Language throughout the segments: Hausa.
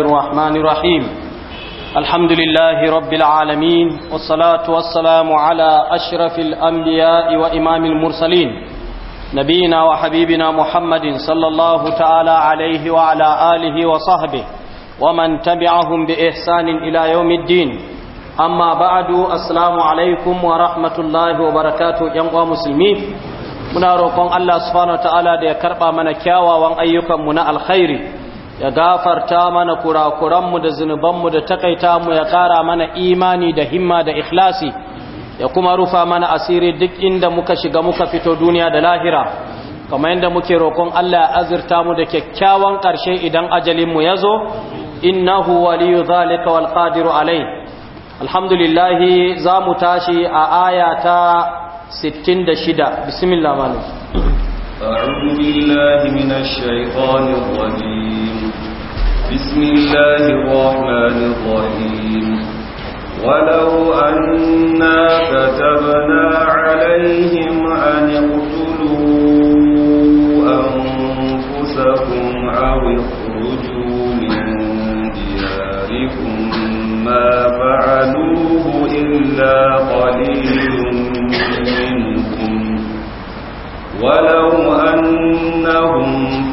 الرحمن الرحيم الحمد لله رب العالمين والصلاة والسلام على أشرف الأنبياء وإمام المرسلين نبينا وحبيبنا محمد صلى الله تعالى عليه وعلى آله وصحبه ومن تبعهم بإحسان إلى يوم الدين أما بعد السلام عليكم ورحمة الله وبركاته ينقى مسلمين muna roƙon Allah subhanahu wataala da ya karɓa mana kyawawan ayyukanmu na alkhairi ya gafarta mana kurakuranmu da zunubanmu da takaita mu ya ƙara mana imani da himma da ikhlasi ya kuma rufa mana asiri duk inda muka shiga muka fito duniya da lahira kamar yadda muke roƙon Allah ya azirta mu da kyakkyawan ƙarshe idan ajalinmu ya zo innahu waliyu zalika wal qadiru alai alhamdulillah za mu tashi a aya ta 66 bismillah malam أعوذ بالله من الشيطان الرجيم بسم الله الرحمن الرحيم ولو أنا كتبنا عليهم أن اقتلوا أنفسكم أو اخرجوا من دياركم ما فعلوه إلا قليل منكم ولو أنهم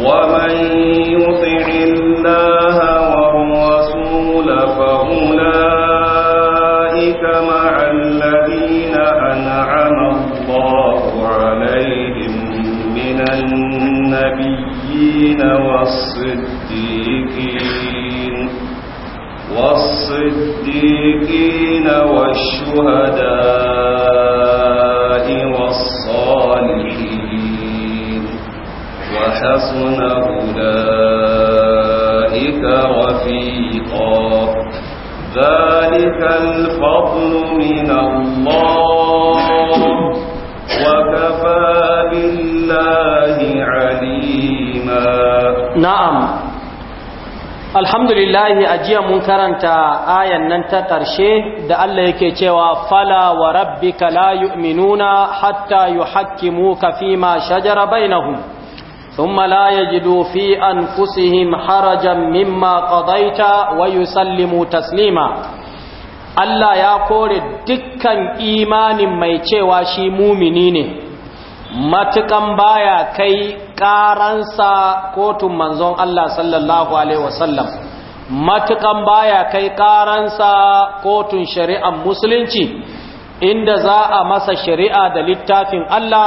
ومن يطع الله والرسول فأولئك مع الذين أنعم الله عليهم من النبيين والصديقين والصديقين والشهداء حسن أولئك رفيقا ذلك الفضل من الله وكفى بالله عليما نعم الحمد لله أجي منكرنت آية ننت ترشي ده الله يكيتوا فلا وربك لا يؤمنون حتى يحكموك فيما شجر بينهم ثم لا يجدوا في أنفسهم حرجا مما قضيت ويسلموا تسليما Allah ya kore dukkan imanin mai cewa shi mumini ne matukan baya kai ƙaransa kotun manzon Allah sallallahu alaihi wasallam matukan baya kai ƙaransa kotun shari'ar musulunci inda za a masa shari'a da littafin Allah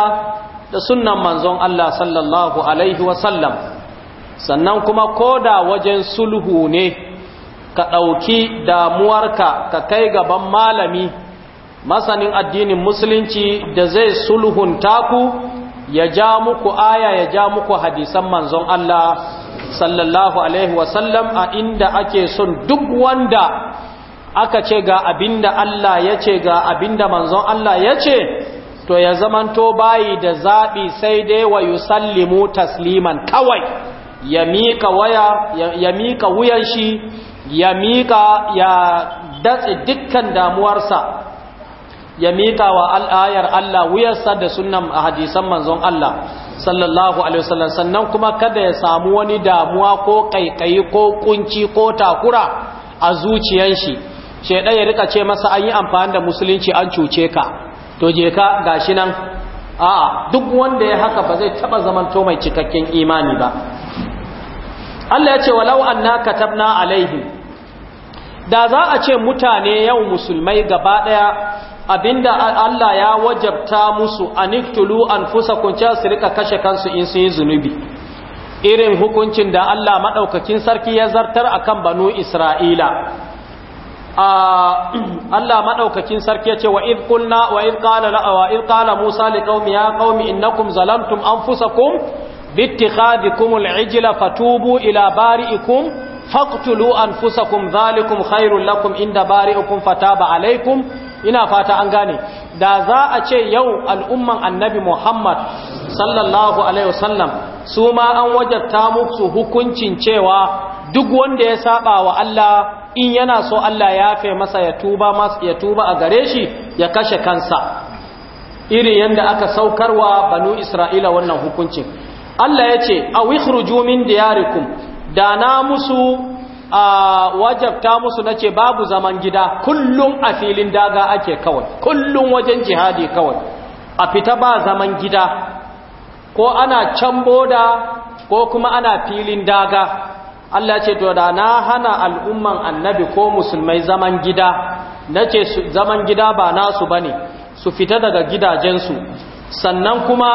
da sunan manzon Allah sallallahu alaihi wasallam sannan kuma koda wajen sulhu ne ka ɗauki damuwarka ka kai gaban malami masanin addinin musulunci da zai sulhun taku ya ja muku aya ya ja muku hadisan manzon Allah sallallahu alaihi wasallam a inda ake son duk wanda aka ce ga abinda Allah ya ce ga abinda manzon Allah ya ce to ya zamanto bayi da zaɓi sai dai wa yusallimu tasliman kawai ya miƙa waya ya miƙa wuyan shi ya miƙa ya datse dukkan damuwarsa ya miƙa wa al'ayar Allah wuyarsa da sunan a hadisan manzon Allah sallallahu alaihi wasallam sannan kuma kada ya samu wani damuwa ko ƙaiƙayi ko kunci ko takura a zuciyanshi shi ya rika ce masa an yi amfani da musulunci an cuce ka to je ka gashi nan a'a duk wanda ya haka ba zai taba zamanto mai cikakken imani ba Allah ya ce walau anna katabna alaihim da za a ce mutane yau musulmai gaba daya abinda Allah ya wajabta musu aniktulu anfusakum cha su rika kashe kansu in sun yi zunubi irin hukuncin da Allah madaukakin sarki ya zartar akan banu Isra'ila Allah maɗaukakin sarki yace wa id qulna wa id qala wa id qala Musa liqaumi ya qaumi innakum zalamtum anfusakum باتخاذكم العجل فتوبوا إلى بارئكم فاقتلوا أنفسكم ذلكم خير لكم عند بارئكم فتاب عليكم ina fata an gane da za a ce yau al'umman annabi Muhammad sallallahu alaihi wasallam su ma an wajabta musu hukuncin cewa duk wanda ya saba wa Allah in yana so Allah ya fe masa ya tuba masa ya tuba a gare shi ya kashe kansa irin yadda aka saukarwa banu Isra'ila wannan hukuncin Allah ya ce a wikhruju min diyarikum da na musu a wajabta musu na ce babu zaman gida kullum a filin daga ake kawai kullum wajen jihadi kawai a fita ba zaman gida ko ana can boda ko kuma ana filin daga Allah ce to da na hana al'umman annabi ko musulmai zaman gida nace zaman gida ba nasu bane su fita daga gidajensu sannan kuma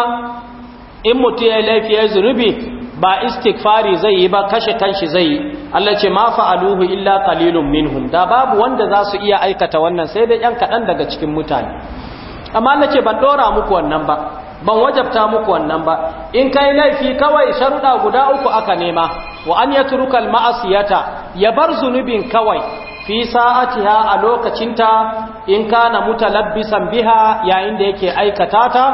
in mutu ya laifi ya zunubi ba istighfari zai yi ba kashe kanshi zai yi Allah ce ma fa'aluhu illa qalilun minhum da babu wanda za su iya aikata wannan sai dai yan kadan daga cikin mutane amma Allah ce ban dora muku wannan ba ban wajabta muku wannan ba in kai laifi kawai sharuda guda uku aka nema wa an yatruka al ma'asiyata ya bar zunubin kawai fi sa'atiha a lokacinta in kana mutalabbisan biha yayin da yake aikata ta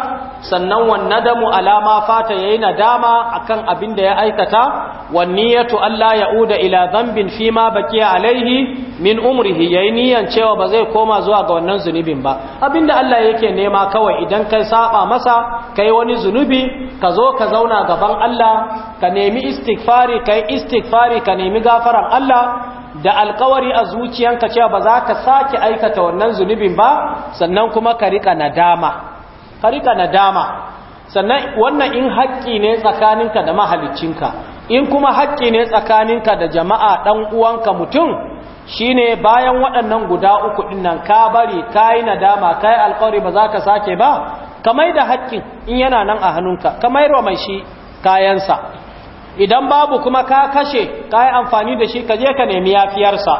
sannan wan nadamu alama fata yayi nadama akan abin da ya aikata wan niyatu alla yauda ila dhanbin fima baqiya alaihi min umrihi yayi niyan cewa ba zai koma zuwa ga wannan zunubin ba abinda Allah yake nema kawai idan kai saba masa kai wani zunubi ka zo ka zauna gaban Allah ka nemi istighfari kai istighfari ka nemi gafaran Allah da alkawari a zuciyanka cewa ba za ka sake aikata wannan zunubin ba sannan kuma ka rika nadama ka rika nadama sannan wannan in haƙƙi ne tsakaninka da mahaliccinka in kuma haƙƙi ne tsakaninka da jama'a ɗan uwanka mutum shine bayan waɗannan guda uku nan ka bari ka yi nadama ka yi alkawari ba za ka sake ba ka da haƙƙin in yana nan a hannunka ka mai wa mai shi kayansa idan babu kuma ka kashe ka yi amfani da shi ka je ka nemi yafiyarsa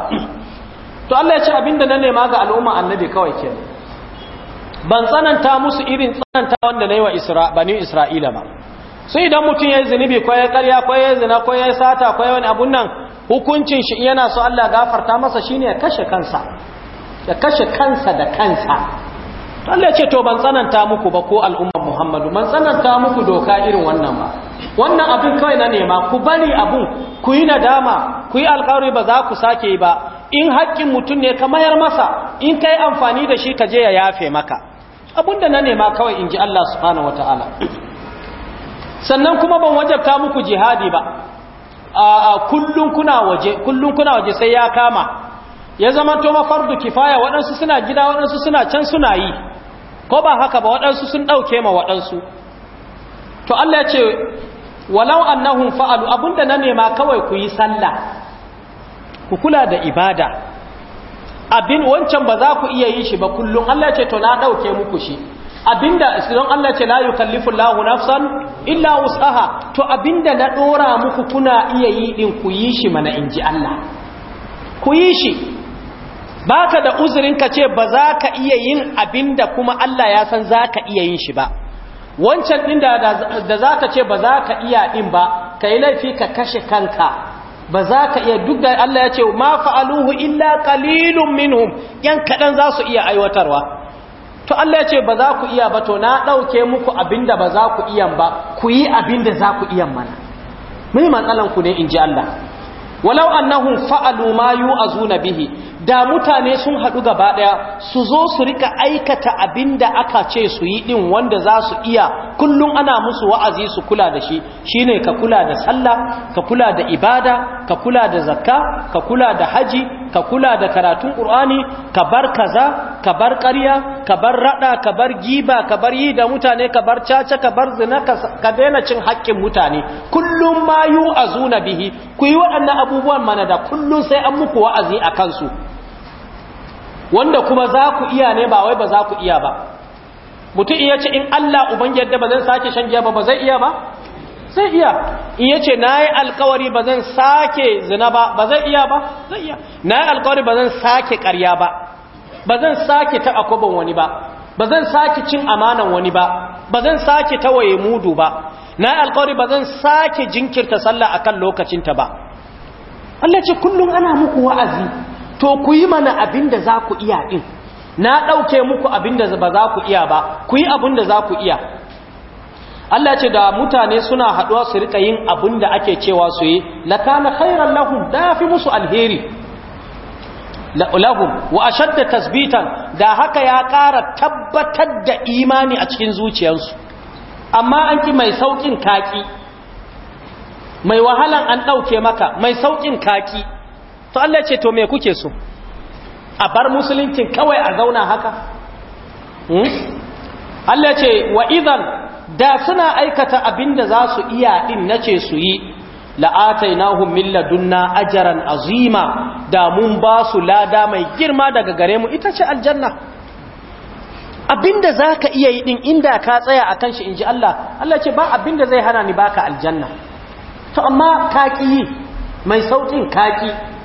to Allah ya ce abinda na nema ga al'umma annabi kawai ke ban tsananta musu irin tsananta wanda na yi wa bani isra'ila ba sai idan mutum ya yi zunubi ko ya karya ko ya zina ko ya sata ko ya wani abun nan hukuncin shi yana so Allah gafarta masa shine ya kashe kansa ya kashe kansa da kansa to Allah ya ce to ban tsananta muku ba ko al'umma Muhammadu ban tsananta muku doka irin wannan ba wannan abin kawai na nema ku bari abun ku yi nadama ku yi alkawari ba za ku sake yi ba in haƙƙin mutum ne ka mayar masa in kai amfani da shi ka je ya yafe maka abinda na nema kawai in ji Allah subhanahu wata'ala sannan kuma ban wajabta muku jihadi ba a kullun kuna waje kullun kuna waje sai ya kama ya zama to mafardu kifaya waɗansu suna gida waɗansu suna can suna yi ko ba haka ba waɗansu sun ɗauke ma waɗansu to Allah ya ce walau annahum fa'alu abunda na nema kawai ku yi sallah ku kula da ibada abin wancan ba za ku iya yi shi ba kullum Allah ya ce to na dauke muku shi abinda don Allah ce la yukallifu Allahu nafsan illa wus'aha to abinda na dora muku kuna iya yi din ku yi shi mana inji Allah ku yi shi baka da uzurin ka ce ba za ka iya yin abinda kuma Allah ya san za ka iya yin shi ba wancan ɗin da za ka ce ba za ka iya ɗin ba ka yi laifi ka kashe kanka ba za ka iya duk da Allah ya ce ma fa'aluhu illa qalilun minhum yan kaɗan za su iya aiwatarwa to Allah ya ce ba za ku iya ba to na ɗauke muku abinda ba za ku iya ba ku yi abinda za ku iya mana mai matsalanku ne in ji Allah walau annahum fa'alu ma yu'azuna bihi da mutane sun haɗu gaba ɗaya su zo su rika aikata abin da aka ce su yi ɗin wanda za su iya kullum ana musu wa'azi su kula da shi shi ne ka kula da sallah ka kula da ibada ka kula da zakka ka kula da haji ka kula da karatun ƙur'ani ka bar kaza ka bar ƙarya ka bar raɗa ka bar giba ka bar yi da mutane ka bar caca ka bar zina ka daina cin haƙƙin mutane kullum ma yu azuna bihi ku yi waɗannan abubuwan mana da kullum sai an muku wa'azi a kansu wanda kuma za ku iya ne ba wai ba za ku iya ba mutum iya ce in Allah uban yadda ba zan sake shan giya ba ba zai iya ba zai iya iya ce na yi alkawari ba zan sake zina ba ba zai iya ba zai iya na yi alkawari ba zan sake karya ba ba zan sake taɓa kwabon wani ba ba zan sake cin amanan wani ba ba zan sake tawaye mudu ba na yi alkawari ba zan sake jinkirta sallah akan lokacinta ba Allah ce kullum ana muku wa'azi to ku yi mana abin da za ku iya ɗin na ɗauke muku abin da ba za ku iya ba ku yi abin da za ku iya Allah ce da mutane suna haɗuwa su riƙa yin abin da ake cewa su yi lakana khairan lahum da fi musu alheri lahum wa ashadda tasbitan da haka ya ƙara tabbatar da imani a cikin zuciyarsu amma an ki mai saukin kaki mai wahalan an ɗauke maka mai saukin kaki to Allah ce to me kuke so a bar Musulunci kawai a zauna haka hmm? Allah ce wa idan da suna aikata abinda za su iya din nace su yi la'atainahum min ladunna ajran azima da mun ba su lada mai girma daga gare mu ita ce aljanna abinda zaka iya yi din inda ka tsaya akan shi inji Allah Allah ce ba abinda zai hana ni baka aljanna to amma kaki mai sautin kaki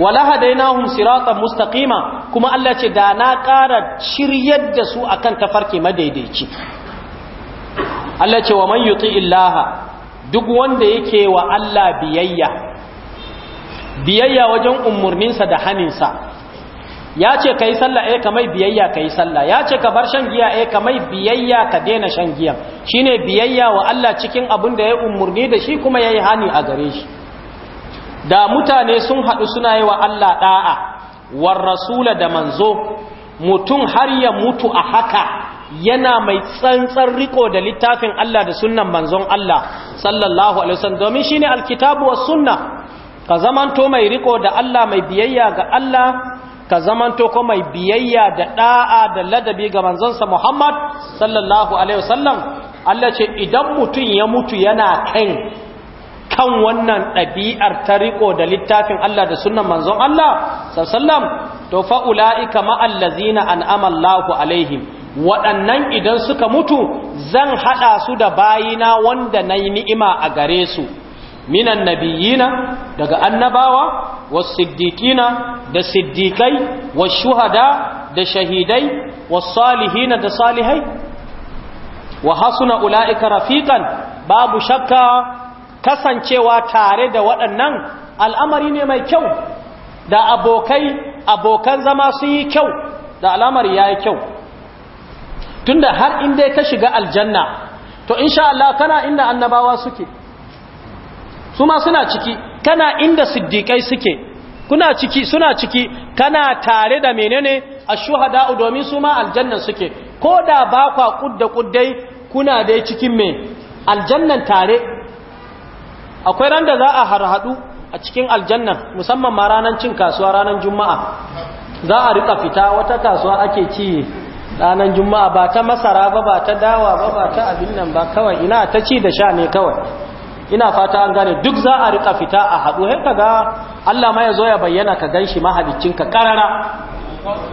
wala hadainahum siratan mustaqima kuma Allah ce da na ƙara shiryar da su akan tafarki madaidaici Allah ce wa man yuti illaha duk wanda yake wa Allah biyayya biyayya wajen umurninsa da haninsa ya ce ka yi sallah eh kamai biyayya ka yi sallah ya ce ka bar shan giya eh kamai biyayya ka daina shan giyan shine biyayya wa Allah cikin abun da ya umurni da shi kuma yayi hani a gare shi da mutane sun haɗu suna yi wa Allah ɗa'a war rasula da manzo mutum har ya mutu a haka yana mai tsantsan riko da littafin Allah da sunnan manzon Allah sallallahu alaihi wasallam domin shine alkitabu was sunna ka zamanto mai riko da Allah mai biyayya ga Allah ka zamanto ko mai biyayya da ɗa'a da ladabi ga manzonsa Muhammad sallallahu alaihi wasallam Allah ce idan mutum ya mutu yana kan kan wannan ɗabi'ar ta riko da littafin Allah da sunan manzon Allah sallam to fa'ula'ika ma'allazina an'amallahu alaihim waɗannan idan suka mutu zan haɗa su da bayina wanda na yi ni'ima a gare su minan nabiyina daga annabawa siddiƙina da siddiƙai shuhada da shahidai salihina da salihai wa hasuna ula'ika rafikan babu shakka kasancewa tare da waɗannan al'amari ne mai kyau da abokai abokan zama sun yi kyau da al'amari ya yi kyau tunda har inda ka shiga aljanna to insha Allah kana inda annabawa suke su ma suna ciki kana inda siddiƙai suke kuna ciki suna ciki kana tare da menene a ashuhada'u domin su ma aljannan suke ko da ba kwa kudda kuddai kuna dai cikin me aljannan tare akwai ran da za a harhadu a cikin aljannan musamman ma ranar cin kasuwa ranar juma'a za a rika fita wata kasuwa ake ci ranar juma'a ba ta masara ba ba ta dawa ba ba ta abin nan ba kawai ina ta ci da sha ne kawai ina fata an gane duk za a rika fita a haɗu har kaga Allah ma ya zo ya bayyana ka ganshi mahaliccin ka karara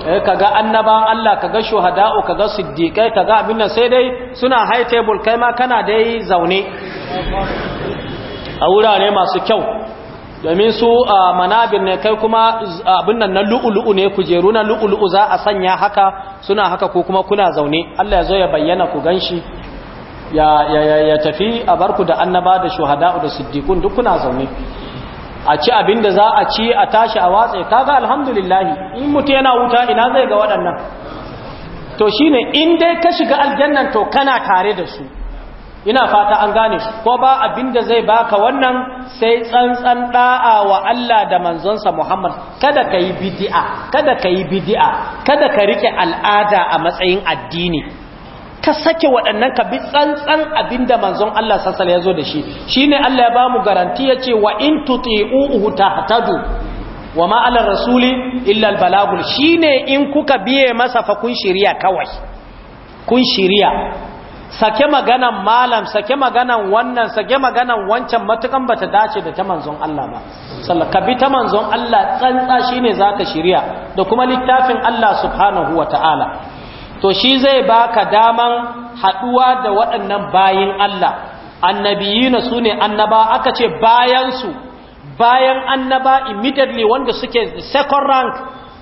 eh kaga annaba Allah kaga shuhada'u kaga siddiqai kaga abin nan sai dai suna high table kai ma kana dai zaune a wurare masu kyau domin su manabin ne kai kuma abin nan na lu'ulu'u ne kujeru na lu'ulu'u za a sanya haka suna haka ko kuma kuna zaune Allah ya zo ya bayyana ku ganshi ya ya ya tafi a barku da annaba da shuhada da siddiqun duk kuna zaune a ci abin da za a ci a tashi a watsa kaga alhamdulillah in mutu yana wuta ina zai ga waɗannan to shine in dai ka shiga aljannan to kana tare da su ina fata an gane shi ko ba abinda zai baka wannan sai tsantsan da'a wa Allah da manzonsa Muhammad kada ka yi bid'a kada ka yi bid'a kada ka rike al'ada a matsayin addini ka sake waɗannan ka bi tsantsan abinda manzon Allah sallallahu alaihi wasallam ya zo da shi shine Allah ya bamu garanti yace wa in tuti'uhu tahtadu wa ma ala rasuli illa al balagul shine in kuka biye masa fa kun shiriya kawai kun shiriya sake maganan malam sake maganan wannan sake maganan wancan matukan bata dace da ta manzon Allah ba sallallahu ka bi ta manzon Allah tsantsa shine zaka shirya da kuma littafin Allah subhanahu wataala to shi zai baka daman haduwa da waɗannan bayin Allah annabiyina sune annaba aka ce bayan su bayan annaba immediately wanda suke second rank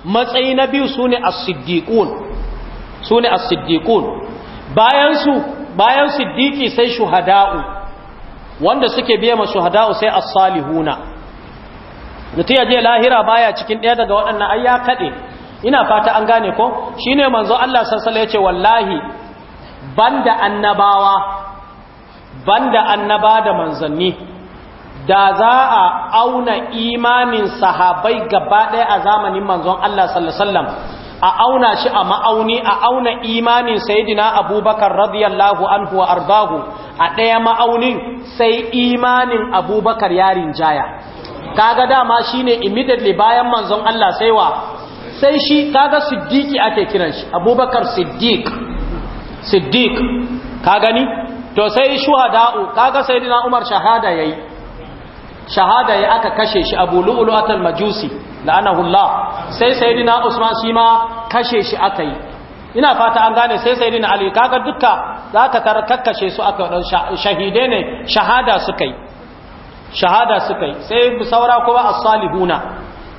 matsayi na biyu sune as-siddiqun sune as-siddiqun bayan su bayan Siddiki sai shuhada'u wanda suke biya ma shuhada'u sai as-salihuna mutum ya je lahira baya cikin ɗaya daga waɗannan ai kaɗe ina fata an gane ko shine manzo Allah sallallahu alaihi wallahi banda annabawa banda annaba da manzanni da za a auna imanin sahabai gaba ɗaya a zamanin manzon Allah sallallahu alaihi wasallam a auna shi a ma'auni a auna imanin sayidina abubakar radiyallahu anhu wa ardahu a ɗaya ma'aunin sai imanin abubakar yarin jaya kaga dama shine immediately bayan manzon Allah sai wa sai shi kaga siddiqi ake kiran shi abubakar siddiq siddiq ka gani to sai shuhada'u kaga sayidina umar shahada yayi shahada ya aka kashe shi abu lu'lu'atul majusi la'anahullah sai sayyidina Usman shi ma kashe shi aka yi ina fata an gane sai sayyidina Ali kaga dukka zaka kar kakkashe su aka dan shahide ne shahada suka yi shahada suka yi sai saura kuma as-salihuna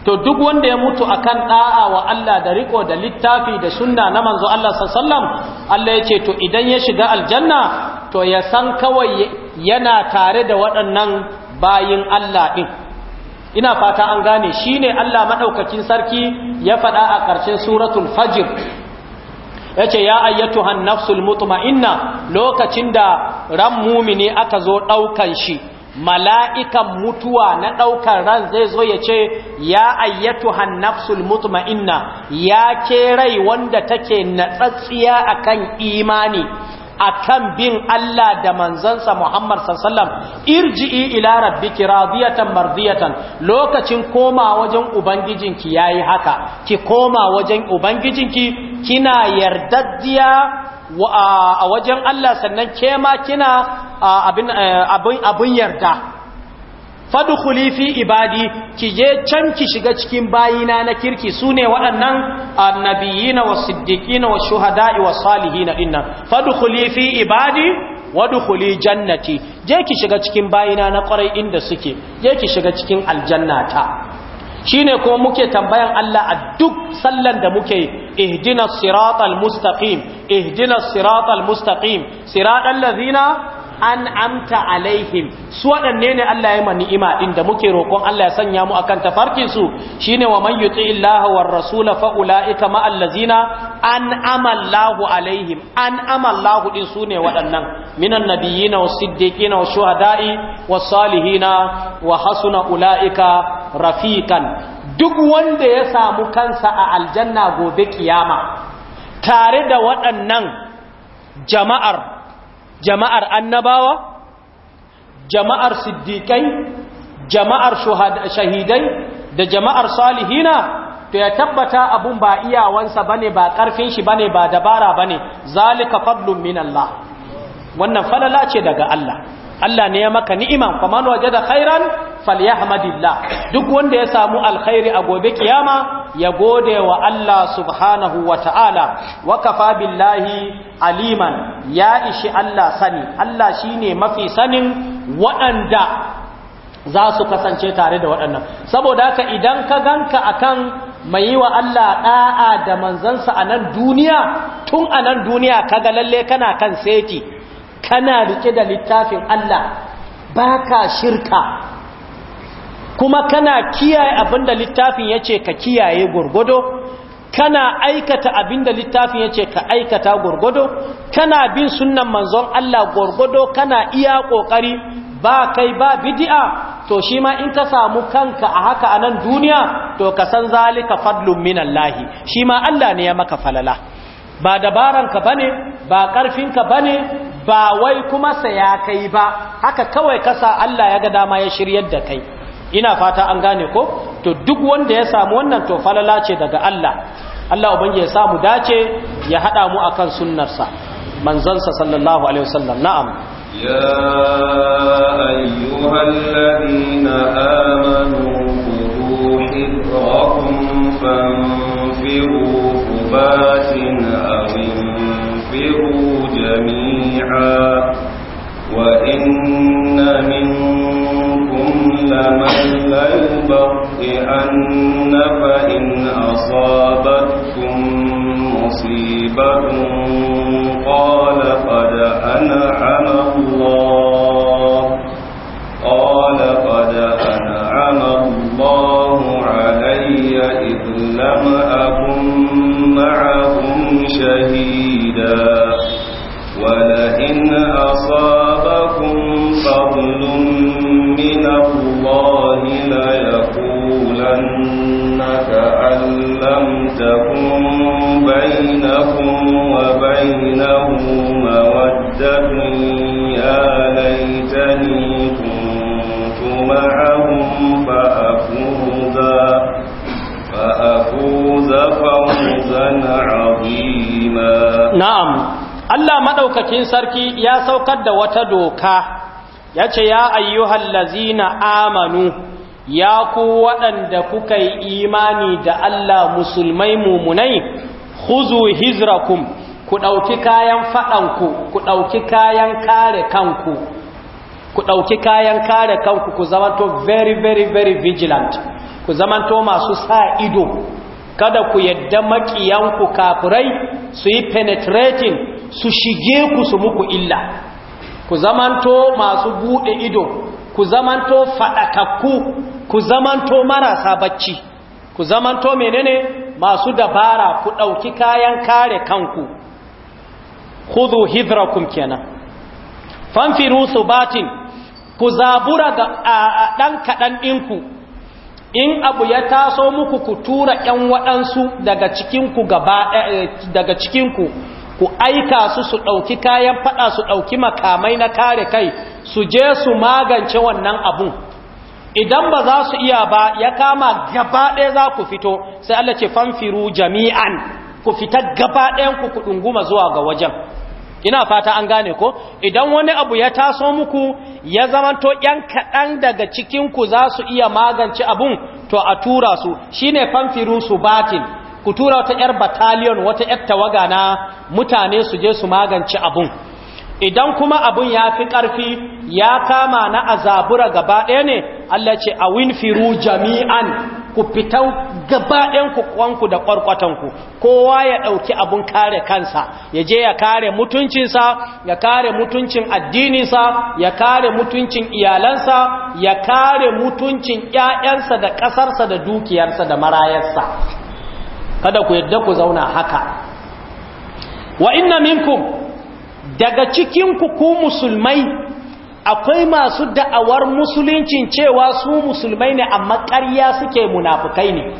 to duk wanda ya mutu akan da'a wa Allah da riko da littafi da sunna na manzo Allah sallallahu Alaihi Allah ya ce to idan ya shiga aljanna to ya san kawai yana tare da waɗannan bayin Allah din ina fata an gane Shi ne Allah maɗaukakin sarki ya faɗa a ƙarshen suratul Ya ce ya ayyatu nafsul mutma'inna lokacin da ran mumini aka zo ɗaukan shi mala'ikan mutuwa na ɗaukar ran zai zo ya ce ya ayyatu nafsul mutma'inna ya ke rai wanda take natsatsiya akan imani akan bin Allah da manzansa Muhammad sallallahu alaihi irji'i ila rabbiki radiyatan mardiyatan lokacin koma wajen ubangijinki yayi haka ki koma wajen ubangijinki kina yardaddiya a wajen Allah sannan kema kina eh, abin abin yarda fadkhuli fi ibadi ki je can ki shiga cikin bayina na kirki sune waɗannan annabiyina wasiddiqina washuhada'i wasalihina dinnan fadkhuli fi ibadi wadkhuli jannati je ki shiga cikin bayina na ƙwarai inda suke je ki shiga cikin aljannata shine ko muke tambayan Allah a duk sallan da muke ihdinas siratal mustaqim ihdinas siratal mustaqim siratal ladzina an amta alaihim su waɗanne ne Allah ya ma ni'ima din da muke roƙon Allah ya sanya mu akan tafarkin su shine wa man yuti illaha war rasula fa ulaika ma allazina an amallahu alaihim an amallahu din sune waɗannan minan nabiyina was siddiqina was shuhada'i was salihina wa hasuna ulaika rafiqan duk wanda ya samu kansa a aljanna gobe kiyama tare da waɗannan jama'ar jama'ar annabawa jama'ar siddiƙai jama'ar shahidai da jama'ar salihina to ya tabbata abun ba iyawansa bane ba ƙarfin shi bane ba dabara bane zalika fablun min Allah wannan falala ce daga Allah Allah ne ya maka ni'iman faman wajada khairan falyahmadillah duk wanda ya samu alkhairi a gobe kiyama ya gode wa Allah subhanahu wa ta'ala wa kafa billahi aliman ya ishi Allah sani Allah shine mafi sanin waɗanda za su kasance tare da waɗannan saboda haka idan ka ganka akan mai yi wa Allah ɗa'a da manzansa a nan duniya tun a nan duniya kaga lalle kana kan seti kana rike da littafin Allah baka shirka kuma kana kiyaye abinda littafin yace ka kiyaye gurgudo kana aikata abinda littafin yace ka aikata gurgudo kana bin sunnan manzon Allah gurgudo kana iya ƙoƙari ba kai ba bidi'a? to shi ma in ka samu kanka a haka a nan duniya to ka san zalika fadlun minallahi shi ma Allah ne ya maka falala ba dabaranka bane ba karfinka bane ba wai kuma saya kai ba haka kawai kasa Allah ya ga dama ya shiryar da kai ina fata an gane ko to duk wanda ya samu wannan to falala ce daga Allah Allah ubangiji ya samu dace ya hada mu akan sunnarsa manzansa sallallahu alaihi wasallam na'am ya ayyuhalladhina amanu khudhu hidrakum fanfiru awin فاصبروا جميعا وإن منكم لمن ليبطئن فإن أصابتكم مصيبة قال قد أنعم الله قال قد أنعم الله علي إذ لم أكن معه شهيدا ولئن أصابكم فضل من الله ليقولن كأن لم تكن بينكم وبينه مودة يا ليتني كنت معهم فأفوز فأفوز فوزا عظيما Na'am. Allah sarki ya ya da wata wata yace ya ayyuhal lazina amanu ya ku waɗanda kuka yi imani da Allah musulmai mumunai khuzu hijrakum ku ɗauki kayan fadanku, ku ɗauki kayan kare kanku ku ɗauki kayan kare kanku ku zamanto very very very vigilant ku zamanto masu sa ido kada ku yadda makiyanku kafirai su yi penetrating su shige ku su muku illa ku zamanto masu bude ido ku zamanto faɗakakku ku zamanto marasa bacci ku zamanto menene masu dabara ku ɗauki kayan kare kanku khudhu hidrakum kenan fanfiru subatin ku zabura da ɗan kaɗan ɗinku in abu ya taso muku ku tura ‘yan waɗansu daga cikinku gaba eh, daga cikinku ku aika su su ɗauki kayan faɗa su ɗauki makamai na kare kai su je su magance wannan abun idan ba za su iya ba ya kama gaba ɗaya za ku fito sai Allah ce fanfiru jami'an ku fita gaba ɗayanku ku ɗunguma zuwa ga wajen ina fata an gane ko idan wani abu ya taso muku ya to yan kaɗan daga cikinku za su iya magance abun to a tura su shine famfiru su batin ku tura wata yar battalion wata yar tawaga na mutane su je su magance abun idan kuma abun ya fi ƙarfi ya kama na azabura gaba ɗaya ne Allah ce a winfiru jami'an ku fitau gabaɗenku, kwanku da ƙwarƙwatanku kowa ya ɗauki abun kare kansa ya je ya kare mutuncinsa ya kare mutuncin addininsa ya kare mutuncin iyalansa ya kare mutuncin ƴaƴansa da ƙasarsa da dukiyarsa da marayarsa kada ku yadda ku zauna haka wa inna minkum daga cikinku ku musulmai akwai masu da'awar musuluncin cewa su musulmai ne amma ƙarya suke munafukai ne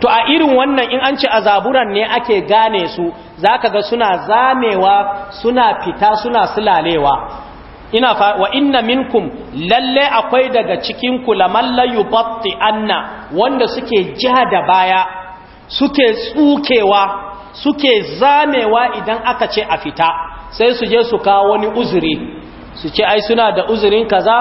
to a irin wannan in an ci azaburan ne ake gane su za ka ga suna zamewa suna fita suna sulalewa ina wa inna minkum lalle akwai daga cikin lamal la yubatti anna wanda suke ja da baya suke tsukewa suke zamewa idan aka ce a fita sai su je su kawo wani uzuri su ce ai suna da uzurin kaza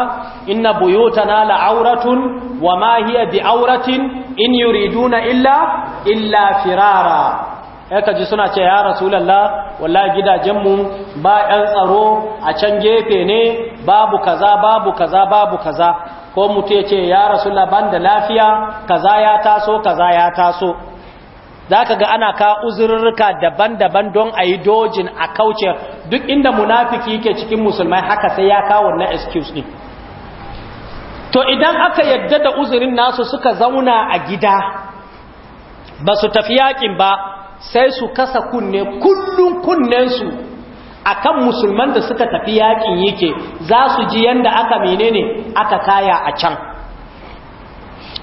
inna buyutana la'auratun wa ma hiya bi'auratin in yuriduna illa illa firara haka ji suna ce ya rasulullah wallahi gidajenmu ba yan tsaro a can gefe ne babu kaza babu kaza babu kaza ko mutu ya ce ya rasulullah laban da lafiya kaza ya taso kaza ya taso za ka ga ana ka uzurruka daban-daban don a yi dojin a kauce duk inda munafiki yake cikin musulmai haka sai ya kawo wannan excuse to idan aka yadda da uzurin nasu suka zauna a gida ba su tafi yakin ba sai su kasa kunne kullum kunnensu akan musulman da suka tafi yakin yake za su ji yadda aka menene aka kaya a can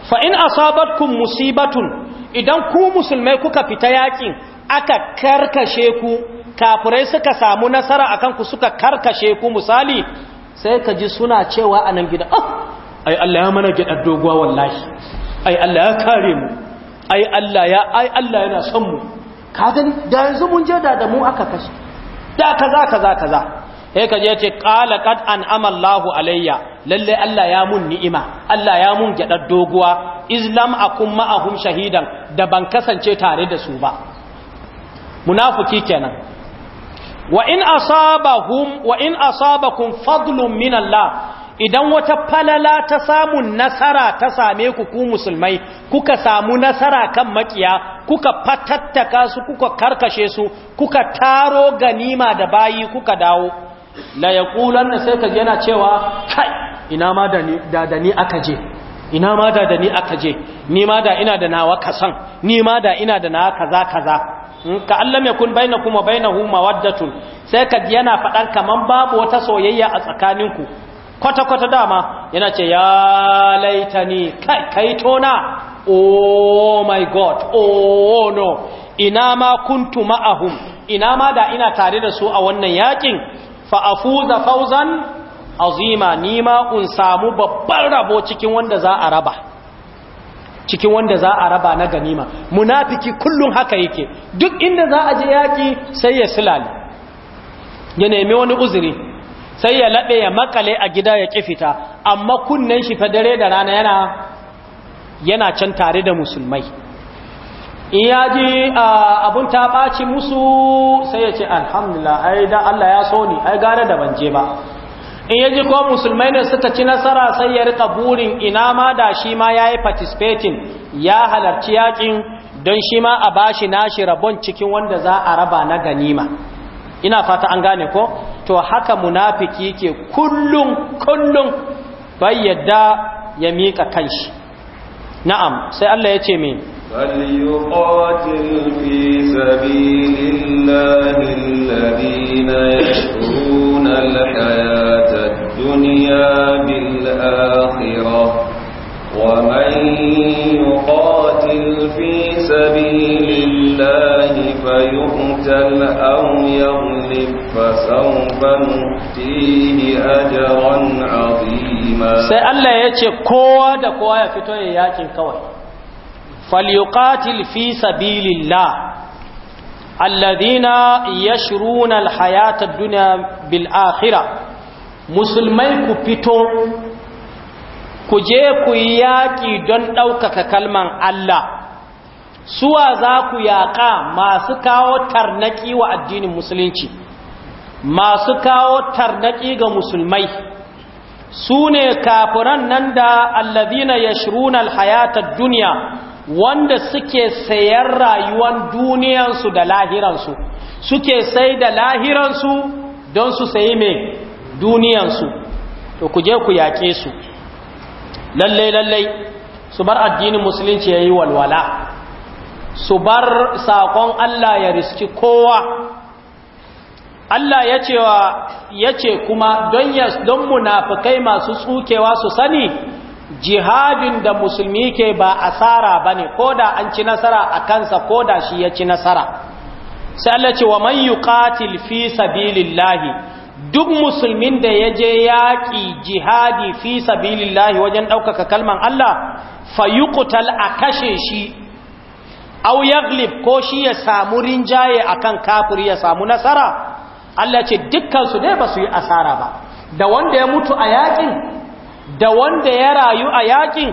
fa in asabatkum musibatun idan ku musulmai kuka fita yakin aka karkashe ku kafirai suka samu nasara akan ku suka karkashe ku misali sai ka ji suna cewa a nan gida ah ai Allah ya mana gidar doguwa wallahi ai Allah ya kare mu ai Allah ya ai Allah yana son mu ka gani da yanzu mun je da da mu aka kashe da kaza kaza kaza sai ka je ce ƙala qad an amallahu alayya lalle Allah ya mun ni'ima Allah ya mun gyaɗar doguwa islam a ma'ahun shahidan da ban kasance tare da su ba Munafuki kenan wa in asabahum wa in asabakum fadlun min Allah idan wata falala ta samun nasara ta same ku ku musulmai kuka samu nasara kan makiya kuka fatattaka su kuka karkashe su kuka taro ganima da bayi kuka dawo la na sai kaji yana cewa kai ina ma da da ni aka je ina ma da da ni aka je ni ma da ina da nawa kasan ni ma da ina da nawa kaza kaza hmm, ka Allah yakun kun bainakum wa bainahum mawaddatun sai kaji yana fadan kaman babu wata soyayya a tsakaninku kwata kwata dama yana ce ya laitani kai kai tona oh my god oh no ina ma kuntu ma'ahum ina ma da ina tare da su a wannan yakin fa'afuza fauzan azima nima un samu babban rabo cikin wanda za a raba cikin wanda za a raba na ganima munafiki kullum haka yake duk inda za a je yaki sai ya silali ya nemi wani uzuri sai ya laɓe ya makale a gida ya kifita amma kunnen shi fa dare da rana yana yana can tare da musulmai in ya ji abun ta ɓaci musu sai ya ce alhamdulillah ai da Allah ya so ni ai gare da ban je ba in ya ji ko musulmai ne suka ci nasara sai ya rika burin ina ma da shi ma ya yi participating ya halarci yakin don shi ma a bashi nashi rabon cikin wanda za a raba na ganima ina fata an gane ko to haka munafiki ke kullum kullum bai yadda ya miƙa kanshi na'am sai Allah ya ce mai فليقاتل في سبيل الله الذين يشكرون الحياة الدنيا بالآخرة ومن يقاتل في سبيل الله فيقتل أو يغلب فسوف نؤتيه أجرا عظيما سأل الله يتشي قوة دا قوة يفتوه ياكين كوي falyuqatil fi sabilillah alladhina yashruna alhayata ad-dunya bil akhirah musulmai ku fito ku je ku yi yaƙi don ɗaukaka kalman Allah suwa za ku yaƙa masu kawo tarnaƙi wa addinin musulunci masu kawo tarnaƙi ga musulmai su ne kafiran nan da allazina yashruna alhayata ad-dunya wanda suke sayar rayuwan duniyansu da lahiransu suke sai da lahiransu don su sayi mai duniyansu to ku je ku yaƙe su lallai lallai su bar addinin musulunci yayi walwala su bar saƙon Allah ya riski kowa Allah ya wa ya ce kuma don munafukai masu tsukewa su sani jihadin da musulmi ke ba asara ba ne ko da an ci nasara a kansa ko da shi ya ci nasara sai Allah ce wa man yuqatil fi sabilillahi duk musulmin da ya je yaƙi jihadi fi sabilillahi wajen ɗaukaka kalman Allah fayuqtal a kashe shi aw ko shi ya samu rinjaye akan kafiri ya samu nasara Allah ce dukkan su dai ba su yi asara ba da wanda ya mutu a yaƙin da wanda ya rayu a yakin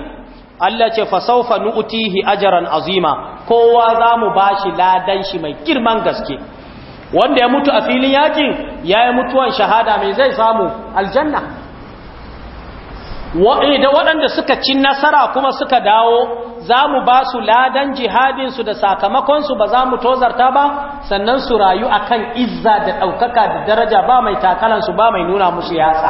Allah ce fasaufa nu'tihi ajran azima kowa za mu bashi ladan shi mai girman gaske wanda ya mutu a filin yakin yayi mutuwan shahada mai zai samu aljanna eh, da waɗanda suka ci nasara kuma suka dawo za mu ba su ladan jihadinsu da sakamakonsu ba za mu tozarta ba sannan su rayu akan izza da ɗaukaka da daraja ba mai takalansu ba mai nuna musu yasa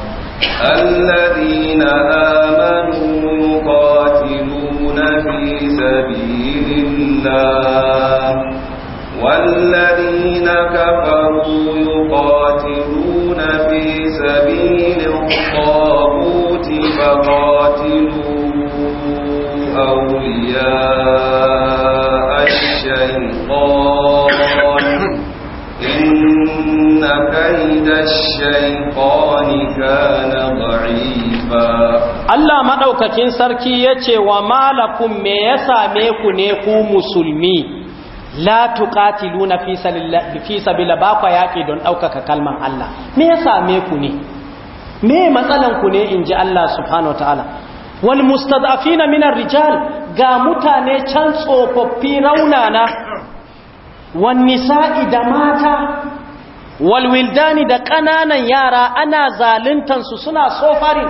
الذين آمنوا يقاتلون في سبيل الله والذين كفروا يقاتلون في سبيل الطاغوت فقاتلوا أولياء الشيطان allah الشيطان sarki ya ce wa malakun me ya same ku ne ku musulmi la tuqatiluna na sabilillah fi sabilillah ba yaki don ɗaukaka kalman Allah me ya same ku ne me matsalan ku ne inji Allah subhanahu wani mustadafi mustad'afina minar rijal ga mutane can tsofaffi raunana wani nisa'i da mata walwildani da ƙananan yara ana su suna sofari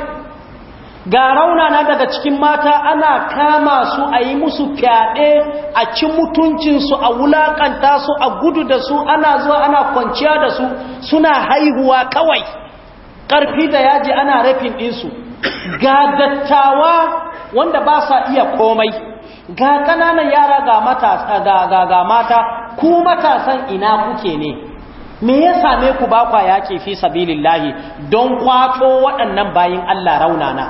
ga na daga cikin mata ana kama su a yi musu fyaɗe a ci mutuncinsu a wulaƙanta su a gudu da su ana zuwa ana kwanciya da su suna haihuwa kawai ƙarfi da yaji ana rafin ɗinsu ga dattawa wanda ba sa iya komai ga ƙananan yara ga mata ku matasan ina kuke ne me ya same ku ba kwa yaƙi fi sabilillahi don kwato waɗannan bayin Allah raunana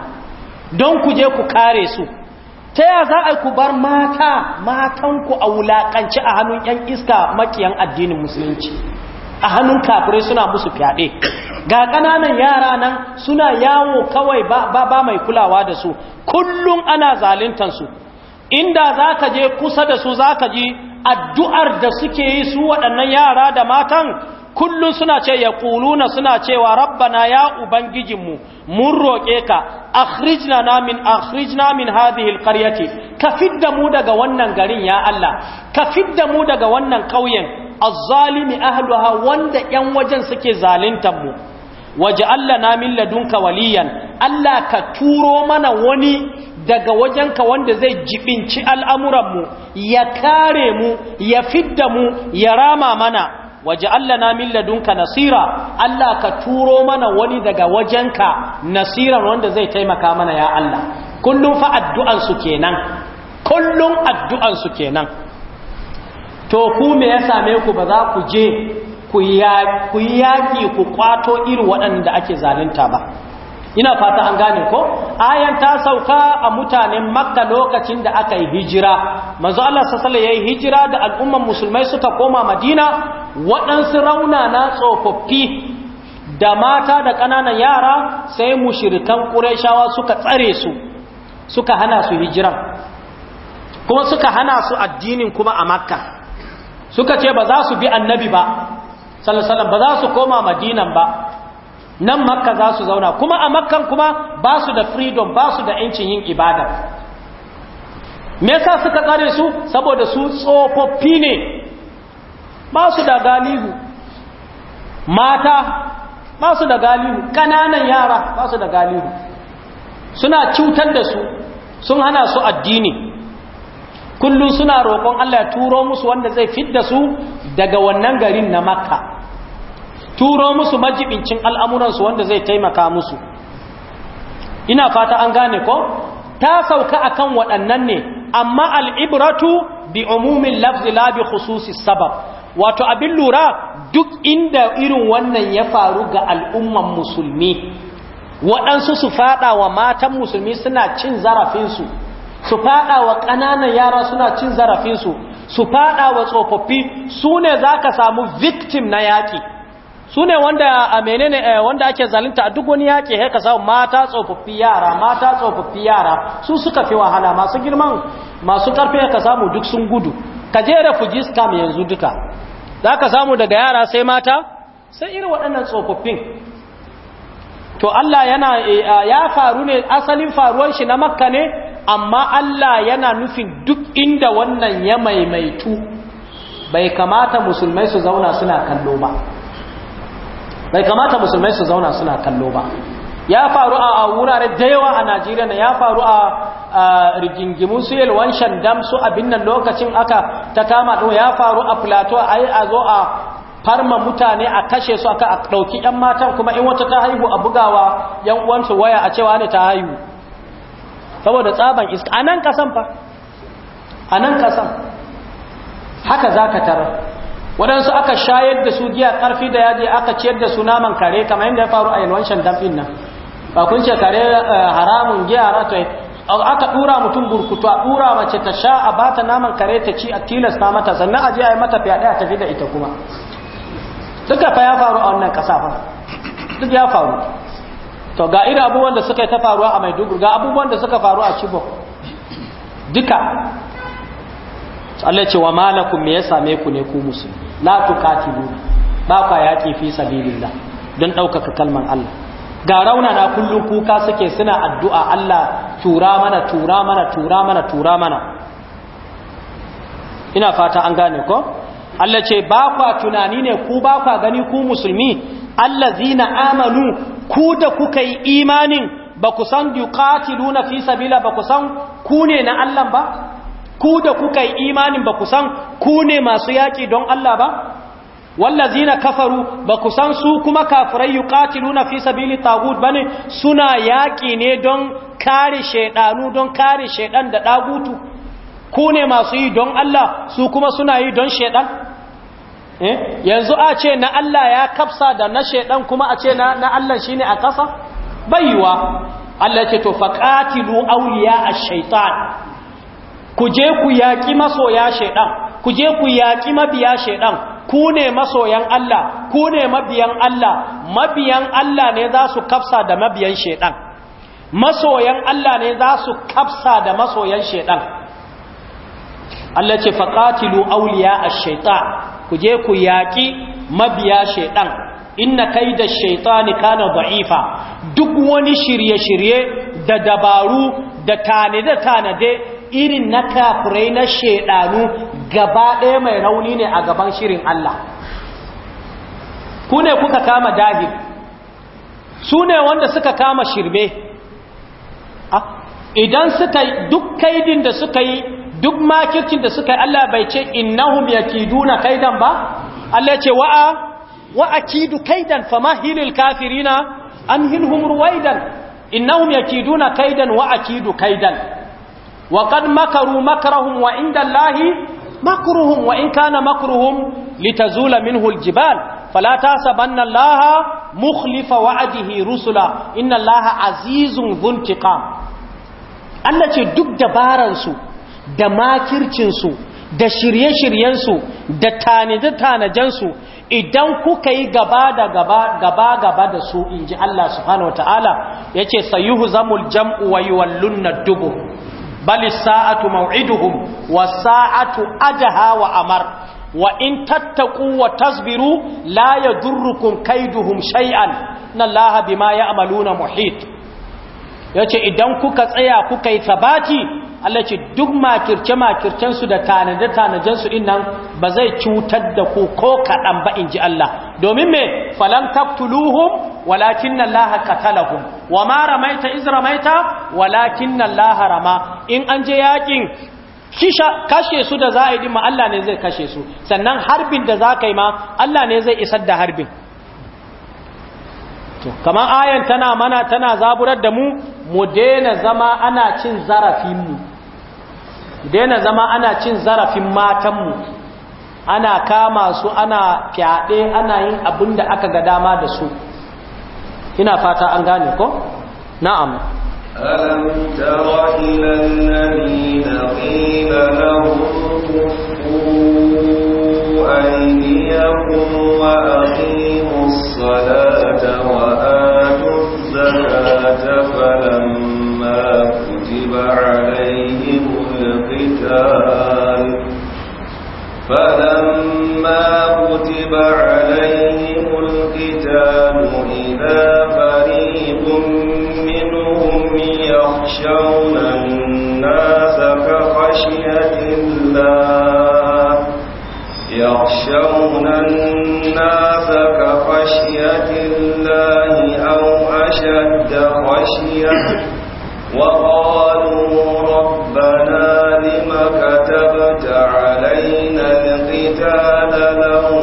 don ku je ku kare su ta ya za a ku bar mata matanku a wulaƙanci a hannun 'yan iska makiyan addinin musulunci a hannun kafure suna musu fyaɗe ga ƙananan yara nan suna yawo kawai ba, ba mai kulawa da su kullum ana zalintansu inda za ka je kusa da su za ka ji addu'ar da suke yi su waɗannan yara da matan kullum suna ce ya kuluna suna cewa rabbana ya ubangijinmu mun roƙe ka akhrijna na min akhrijna min hadhihi alqaryati ka fidda mu daga wannan garin ya Allah ka fidda mu daga wannan ƙauyen azzalimi ahluha wanda yan wajen suke zaluntar mu waj'al lana min ladunka waliyan Allah ka turo mana wani daga wajenka wanda zai jibinci al'amuranmu ya kare mu ya fidda mu ya rama mana waje Allah na milladunka nasira Allah ka turo mana wani daga wajenka nasiran wanda zai taimaka mana ya Allah kullum fa addu'ansu kenan kullum addu'ansu kenan to ku me ya same ku ba za ku je ku yaƙi ku kwato iri waɗanda ake zalunta ba ina fata an gane ko ayan ta sauka a mutanen makka lokacin da aka yi hijira manzo Allah sallallahu hijira da al'ummar musulmai suka koma madina waɗansu rauna na tsofaffi da mata da ƙananan yara sai mushirikan ƙureshawa suka tsare su suka hana su hijiran kuma suka hana su addinin kuma a makka suka ce ba za su bi annabi ba salasalan ba za su koma madinan ba nan makka za su zauna kuma a makkan kuma ba su da freedom ba su da 'yancin yin ibada me yasa suka tsare su saboda su tsofaffi ne ba su da galihu mata ba su da galihu ƙananan yara ba su da galihu suna cutar da su sun hana su addini kullum suna roƙon Allah ya turo musu wanda zai fidda su daga wannan garin na makka turo musu majibincin al'amuransu wanda zai taimaka musu ina fata an gane ko ta sauka akan waɗannan ne amma al'ibratu bi umumin lafzi labi khususi sabab wato abin lura duk inda irin wannan ya faru ga al'umman musulmi waɗansu su faɗa wa matan musulmi suna cin zarafinsu su faɗa wa ƙananan yara suna cin zarafinsu su faɗa wa tsofaffi su ne za ka samu victim na yaƙi su ne wanda a menene eh, wanda ake zalunta a duk wani yaƙi haika kasa mata tsofaffi yara mata tsofaffi yara su suka fi wahala masu girman masu ƙarfi haika samu duk sun gudu ka je refugees camp yanzu duka za ka samu daga yara sai mata sai irin waɗannan tsofaffin to Allah yana eh, ya faru ne asalin faruwar shi na makka ne amma Allah yana nufin duk inda wannan ya maimaitu bai kamata musulmai su zauna suna kallo ba bai kamata musulmai su zauna suna kallo ba ya faru a wurare da yawa a Najeriya ya faru a rigingimu su yalwan shandam su abin nan lokacin aka ta kama ɗin ya faru a plateau a a zo a farma mutane a kashe su aka a ɗauki ‘yan matan kuma in wata ta haihu a bugawa ‘yan uwansu waya a cewa ne ta haihu saboda tsaban iska a nan kasan fa a nan kasan haka za ka tara waɗansu aka shayar da su giya ƙarfi da yaji aka ciyar da su naman kare kamar yadda ya faru a yalwan shandam ɗin nan ba kun ce kare eh, haramun giya ratai aka dura mutum burkutu a dura mace ta sha a bata naman kare ta ci a tilasta mata sannan a je a yi mata fyaɗe a tafi da ita kuma duka fa ya faru a wannan ƙasa duk ya faru to ga irin abubuwan da suka yi ta faruwa a maiduguri ga abubuwan da suka faru a chibok duka Allah ce wa malakum me ya same ku ne ku musulmi la tukatilu ba ka yaki fi sabilillah don ɗaukaka kalman Allah ga na kullum kuka suke suna addu'a Allah tura mana tura mana tura mana tura mana ina fata an gane ko Allah ce ba kwa tunani ne ku ba kwa gani ku musulmi Allah allazina amanu ku da kuka yi imanin ba ku san dukati nuna fi sabila ba ku san ku ne na Allah ba ku da kuka yi imanin ba ku san ku ne masu yaƙi don Allah ba wallazina kafaru ba ku san su kuma kafirai yuqatiluna fi sabili tagut bane suna yaki ne don kare shedanu don kare shedan da dagutu ku ne masu yi don Allah su kuma suna yi don shedan eh yanzu a ce na Allah ya kafsa da na shedan kuma a ce na na Allah shine a kasa baiwa Allah ce to faqatilu awliya ash-shaytan ku je ku yaki masoya shedan ku je ku yaki mabiya shedan ku ne masoyan Allah ku ne mabiyan Allah mabiyan Allah ne za su kafsa da mabiyan shedan masoyan Allah ne za su kafsa da masoyan shedan Allah ce faqatilu awliya ash-shaytan ku je ku yaki mabiya shedan inna kaida ash-shaytani kana da'ifa duk wani shirye-shirye da dabaru da tanade-tanade irin na kafurai na shedanu gaba ɗaya mai rauni ne a gaban shirin Allah ku ne kuka kama dahil su ne wanda suka kama shirme idan suka duk kaidin da suka yi duk makircin da suka yi Allah bai ce innahum yakiduna kaidan ba Allah ce wa'a wa'akidu kaidan famahilil kafirina anhilhum ruwaidan innahum yakiduna kaidan wa kaidan wa qad makaru makrahum wa inda Allahi makruhum wa in kana makruhum litazula minhu aljibal fala tasabanna allaha mukhlifa wa'dihi rusula inna allaha azizun dhuntiqam Allah ce duk dabaran su da makircin su da shirye-shiryen su da tanaje-tanajen su idan kuka yi gaba da gaba gaba gaba da su inji Allah subhanahu wataala yace sayuhu zamul jam'u wa yuwallunna dubur bal sa'atu wa was sa'atu adha wa amar wa in tattaku wa tasbiru la yadurrukum kaiduhum shay'an ma ya bima na muhit yace idan kuka tsaya kuka yi sabati Allah ce duk makirce makirkensu da tanade tanajen innan ba zai cutar da ku ko kaɗan ba inji Allah domin me falon taqtuluhum walakin Allah Wa ma ramaita iz maita? walakin Laha rama in an je yakin kashe su da za a yi ma Allah ne zai kashe su sannan harbin da za ka yi ma Allah ne zai isar da harbin kamar ayan tana mana tana zaburar da mu mu daina zama ana cin zarafinmu daina zama ana cin zarafin matan mu ana kama su ana fyaɗe ana yin abin da aka ga dama da su ina fata an gane ko na'am ألم تر إلى الذين قيل لهم كفوا أيديكم وأقيموا الصلاة وآتوا الزكاة فلما كتب عليهم القتال فلما كتب عليهم القتال إذا فريق هم يخشون الناس كخشية الله يخشون الناس كخشية الله أو أشد خشية وقالوا ربنا لم كتبت علينا القتال لهم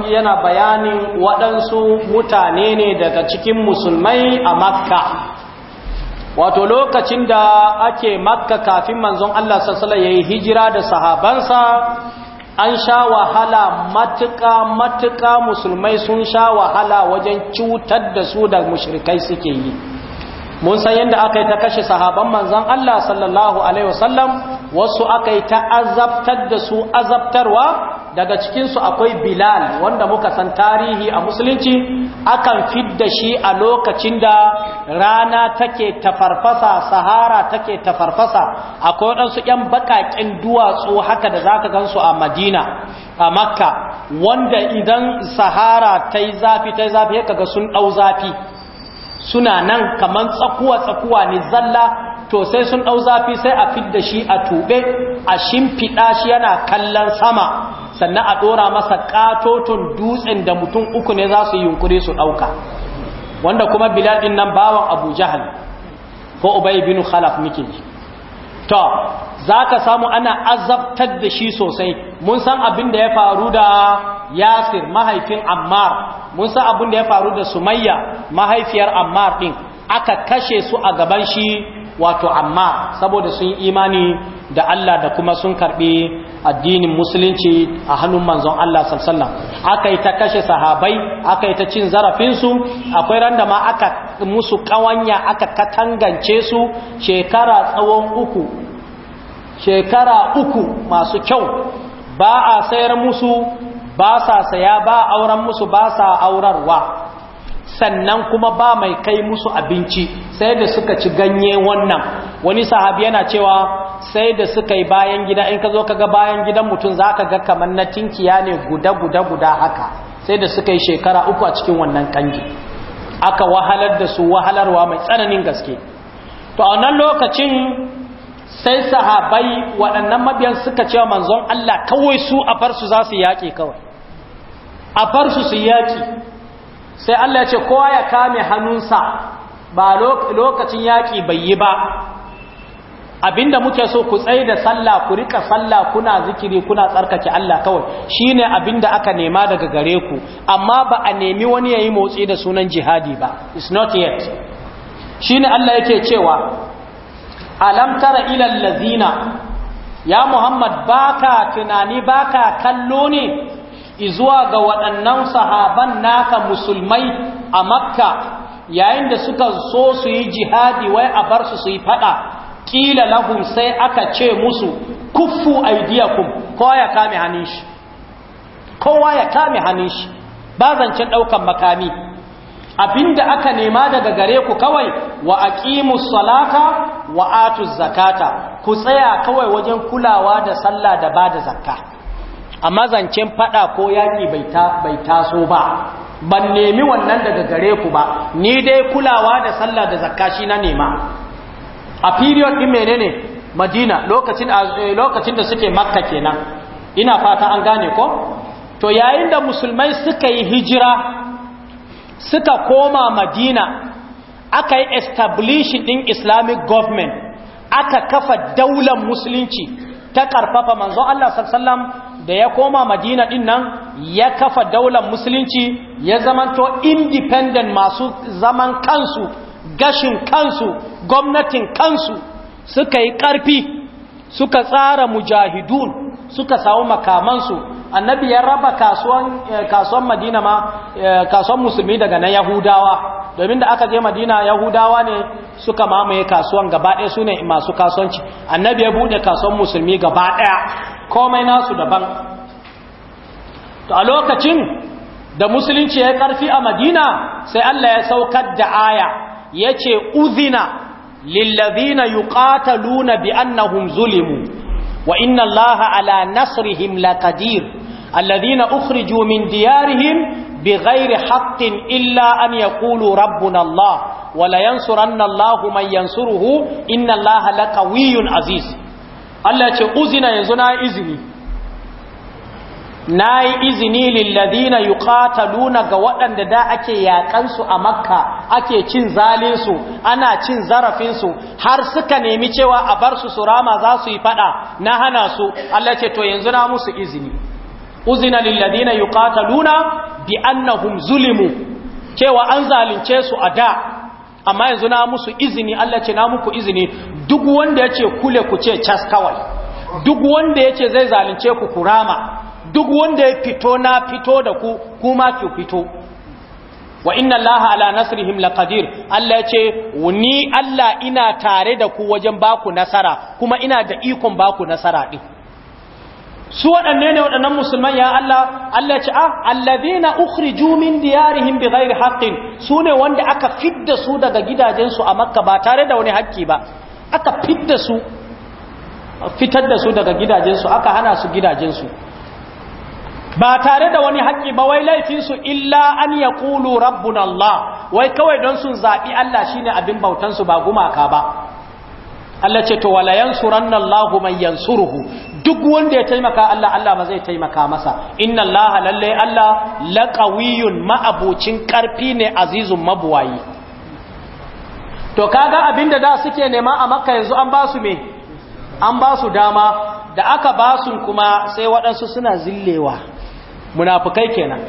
Ubangiji yana bayanin waɗansu mutane ne daga cikin musulmai a makka wato lokacin da ake makka kafin manzon Allah sassala ya yi hijira da sahabansa an sha wahala matuƙa matuƙa musulmai sun sha wahala wajen cutar da su da mushrikai suke yi mun san yadda aka yi ta kashe sahaban manzon Allah sallallahu alaihi wasallam wasu aka yi ta azabtar da su azabtarwa daga cikinsu akwai bilal wanda muka san tarihi a musulunci akan fidda shi a lokacin da rana take tafarfasa sahara take tafarfasa akwai waɗansu ‘yan baƙaƙen duwatsu haka da zaka ka gansu a madina a makka wanda idan sahara ta yi zafi ta yi zafi ya kaga sun ɗau zafi suna nan kamar tsakuwa-tsakuwa ne zalla to sai sun ɗau zafi sai a fidda shi a tube a shimfiɗa shi yana kallon sama sannan a ɗora masa katoton dutsen da mutum uku ne za su yi yunkuri su ɗauka wanda kuma biladin nan bawan abu jahal ko ubay bin khalaf muke to zaka samu ana azabtar da shi sosai mun san abin da ya faru da yasir mahaifin ammar mun san abin da ya faru da sumayya mahaifiyar ammar din aka kashe su a gaban shi wato amma saboda sun imani da Allah da kuma sun karbi addinin musulunci a hannun manzon Allah sallallahu aka yi ta kashe sahabai akai ta cin zarafinsu akwai randa ma aka musu kawanya aka katangance su shekara tsawon uku shekara uku masu kyau ba a sayar musu ba sa saya ba auren musu ba sa aurarwa sannan kuma ba mai kai musu abinci sai da suka ci ganye wannan wani sahabi yana cewa sai da suka yi bayan gida in ka zo ka ga bayan gidan mutum za ka ga kamar na tinkiya ne guda-guda-guda haka sai da suka yi shekara uku a cikin wannan kangi aka wahalar da su wahalarwa mai tsananin gaske to a wannan lokacin sai sahabai waɗannan mabiyan suka cewa manzon Allah kawai su a farsu su za su yaƙi kawai a farsu su su yaƙi sai Allah ya ce kowa ya kame hannunsa ba lokacin yaƙi bai yi ba abinda muke so ku tsaye da sallah ku rika sallah kuna zikiri kuna tsarkake Allah kawai shine abinda aka nema daga gare ku amma ba a nemi wani yayi motsi da sunan jihadi ba it's not yet shine Allah yake cewa alam tara ila allazina ya muhammad baka tunani baka kallo ne izuwa ga waɗannan sahaban naka musulmai a makka yayin da suka so su yi jihadi wai a bar su su yi faɗa ƙila lahum sai aka ce musu kuffu aidiyakum kowa ya kame hannun shi kowa ya kame hannun shi ba zancen ɗaukan makami abinda aka nema daga gare ku kawai wa aqimu salata wa atu zakata ku tsaya kawai wajen kulawa da sallah da bada zakka amma zancen fada ko yaƙi bai taso ba ban nemi wannan daga gare ku ba ni dai kulawa da sallah da zakka shi na nema a period din menene madina lokacin eh, lokacin da suke makka kenan ina fata an gane ko to yayin da musulmai suka yi hijira suka koma madina aka yi establishing din islamic government aka kafa daular musulunci ta karfafa manzo Allah sallallahu alaihi da ya koma madina din nan ya kafa daular musulunci ya zamanto independent masu zaman kansu gashin kansu gwamnatin kansu suka yi ƙarfi suka tsara mujahidun suka samu makamansu annabi ya raba kasuwan eh, madina ma eh, kasuwan musulmi daga na yahudawa domin da aka je madina yahudawa ne suka mamaye kasuwan gaba ɗaya su ne masu kasuwanci annabi ya buɗe kasuwan musulmi gaba ɗaya komai nasu daban to a lokacin da musulunci ya karfi a madina sai Allah ya saukar da aya ya ce uzina lillazina yuqataluna bi annahum zulimu wa inna allaha ala nasrihim laqadir allazina ukhriju min diyarihim بغير حق إلا أن يقولوا ربنا الله ولا ينصرن الله من ينصره إن الله لقوي عزيز Allah ce uzina yanzu na izini na yi izini lilladina yuqataluna ga waɗanda da ake yaƙansu a makka ake cin zalinsu ana cin zarafinsu har suka nemi cewa a bar su su rama za su yi faɗa na hana su Allah ce to yanzu na musu izini uzina lilladina yuqataluna bi annahum zulimu cewa an zalunce su a da amma yanzu na musu izini Allah ce na muku izini duk wanda yace kule ku ce cas kawai duk wanda yace zai zalunce ku kurama duk wanda ya fito na fito da ku kuma ki fito wa inna allaha ala nasrihim laqadir Allah yace ni Allah ina tare da ku wajen baku nasara kuma ina da ikon baku nasara din su waɗanne ne waɗannan musulman ya Allah Allah ce ah, a jumin ukhriju min diyarihim haƙƙin su sune wanda aka fidda su daga gidajensu a Makka ba tare da wani haƙƙi ba aka fidda su fitar da su daga gidajensu aka hana su gidajensu ba tare da wani haƙƙi ba wai laifinsu illa an yaqulu rabbuna Allah wai kawai don sun zaɓi Allah shine abin bautansu ba gumaka ba Allah ce to wala yansuranna Allahu man yansuruhu duk wanda ya taimaka Allah Allah ma zai taimaka masa inna Allah lalle Allah laqawiyun ma'abucin karfi ne azizun mabuwayi to kaga abinda da suke nema a makka yanzu an ba me an ba dama da aka ba kuma sai waɗansu suna zillewa munafukai kenan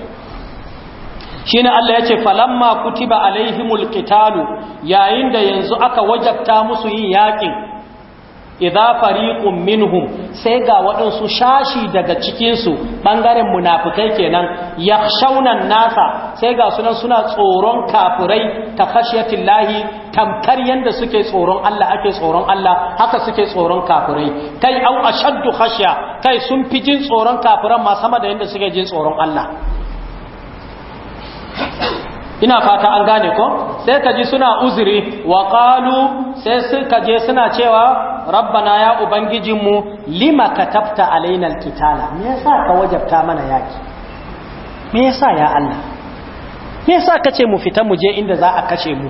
shine Allah yace falamma kutiba alaihimul qitalu yayin da yanzu aka wajabta musu yin yaƙin idza fariqun minhum sai ga waɗansu shashi daga cikin su bangaren munafikai kenan yakhshawna nasa sai ga sunan suna tsoron kafurai ta khashiyatillahi tamkar yanda suke tsoron Allah ake tsoron Allah haka suke tsoron kafurai kai au ashaddu khashya kai sun fi jin tsoron kafiran ma sama da yanda suke jin tsoron Allah ina fata an gane ko sai ka ji suna uzuri wa qalu sai suka je suna cewa rabbana ya ubangijinmu lima katabta alaina alqitala me yasa ka wajabta mana yaki me yasa ya Allah me yasa kace mu fita mu je inda za a kace mu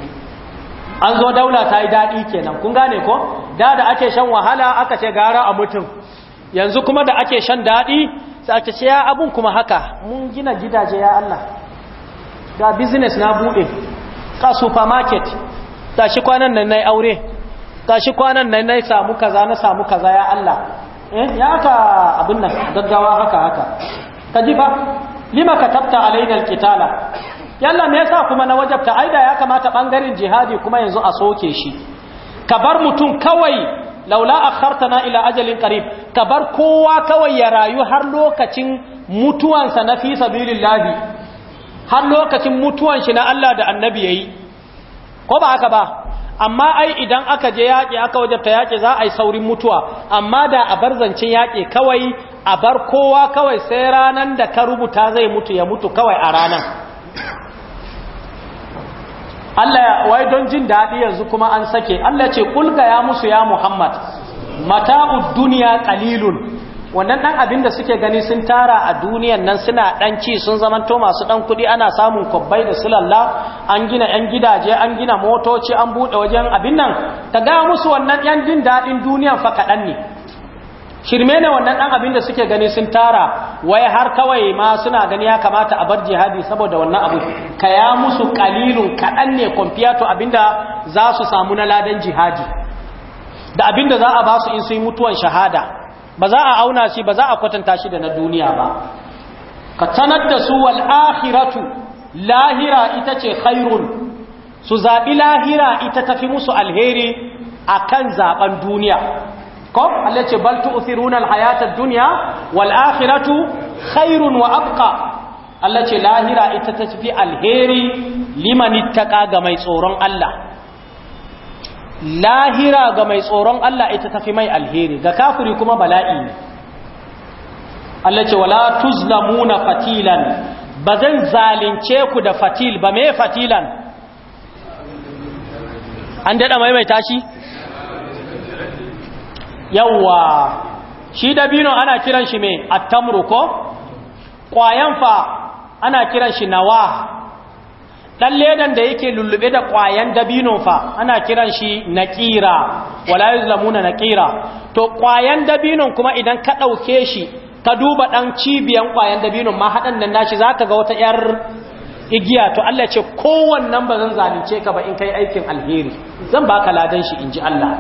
an zo daula ta yi dadi kenan kun gane ko da da ake shan wahala aka ce gara a mutum yanzu kuma da ake shan dadi sai ake ce ya abun kuma haka mun gina gidaje ya Allah ga business na bude. ka supermarket tashi kwanan nan nayi aure tashi kwanan nan nayi samu kaza na samu kaza ya Allah eh ya ka abin nan gaggawa haka haka kaji ba. lima katabta alaina alqitala yalla me yasa kuma na wajabta aida ya kamata bangaren jihadi kuma yanzu a soke shi ka bar mutum kawai laula akhartana ila ajalin qarib ka bar kowa kawai ya rayu har lokacin mutuwansa na fi sabilillahi har lokacin mutuwan shi na Allah da annabi yayi ko ba haka ba amma ai idan aka je yaƙi aka wajabta yaƙi za a yi saurin mutuwa amma da a bar zancen yaƙi kawai a bar kowa kawai sai ranan da ka rubuta zai mutu ya mutu kawai a ranan Allah wai don jin daɗi yanzu kuma an sake Allah ce kulga ya musu ya Muhammad mata'ud duniya qalilun wannan dan abin da suke gani sun tara a duniyan nan suna dan ci sun zamanto masu dan kuɗi ana samun kwabbai da sulalla an gina 'yan gidaje an gina motoci an bude wajen abin nan ta ga musu wannan 'yan jin daɗin duniyan fa kaɗan ne shirme ne wannan dan abin da suke gani sun tara wai har kawai ma suna gani ya kamata a bar jihadi saboda wannan abu ka ya musu kalilun kaɗan ne kwamfiyato to abinda za su samu na ladan jihadi da abinda za a ba su in sun mutuwan shahada ba za a auna shi ba za a kwatanta shi da na duniya ba ka sanar da su wal akhiratu lahira ita ce khairun su zaɓi lahira ita tafi musu alheri a kan zaɓen duniya ko Allah ce bal tu'thiruna al-hayata dunya wal akhiratu khairun wa abqa Allah ce lahira ita ta tafi alheri liman ittaqa ga mai tsoron Allah lahira ga mai tsoron Allah ita tafi mai alheri ga kafiri kuma bala'i ne Allah ce wala tuzlamuna fatilan ba zalince ku da fatil ba me fatilan an mai mai tashi. yawwa shi dabino ana kiran shi me attamru ko? Kwayan fa ana kiran shi nawa dan ledan da yake lullube da kwayan dabino fa ana kiran shi naqira wala yuzlamuna naqira to kwayan dabinon kuma idan ka dauke shi ka duba dan cibiyan kwayan dabinon ma hadan nan nashi zaka ga wata yar igiya to Allah ce kowannan ba zan zalunce ka ba in kai aikin alheri zan baka ladan shi inji Allah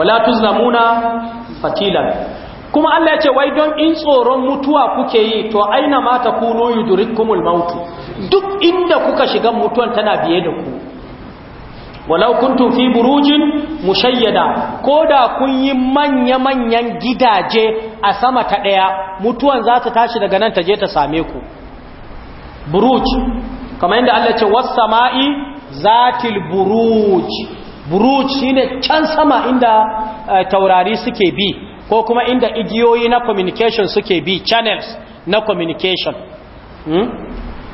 wala tuzlamuna fatilan kuma Allah ya ce wai don in tsoron mutuwa kuke yi to aina ma ta kunu yudrikumul maut duk inda kuka shiga mutuwan tana biye da ku walau kuntum fi burujin mushayyada koda kun yi manya manyan gidaje a sama ta ɗaya, mutuwan za ta tashi daga nan ta je ta same ku buruj kamar yadda Allah ce was sama'i zatil buruj buruj shine can sama inda eh, taurari suke bi ko kuma inda igiyoyi na communication suke bi channels na communication hmm?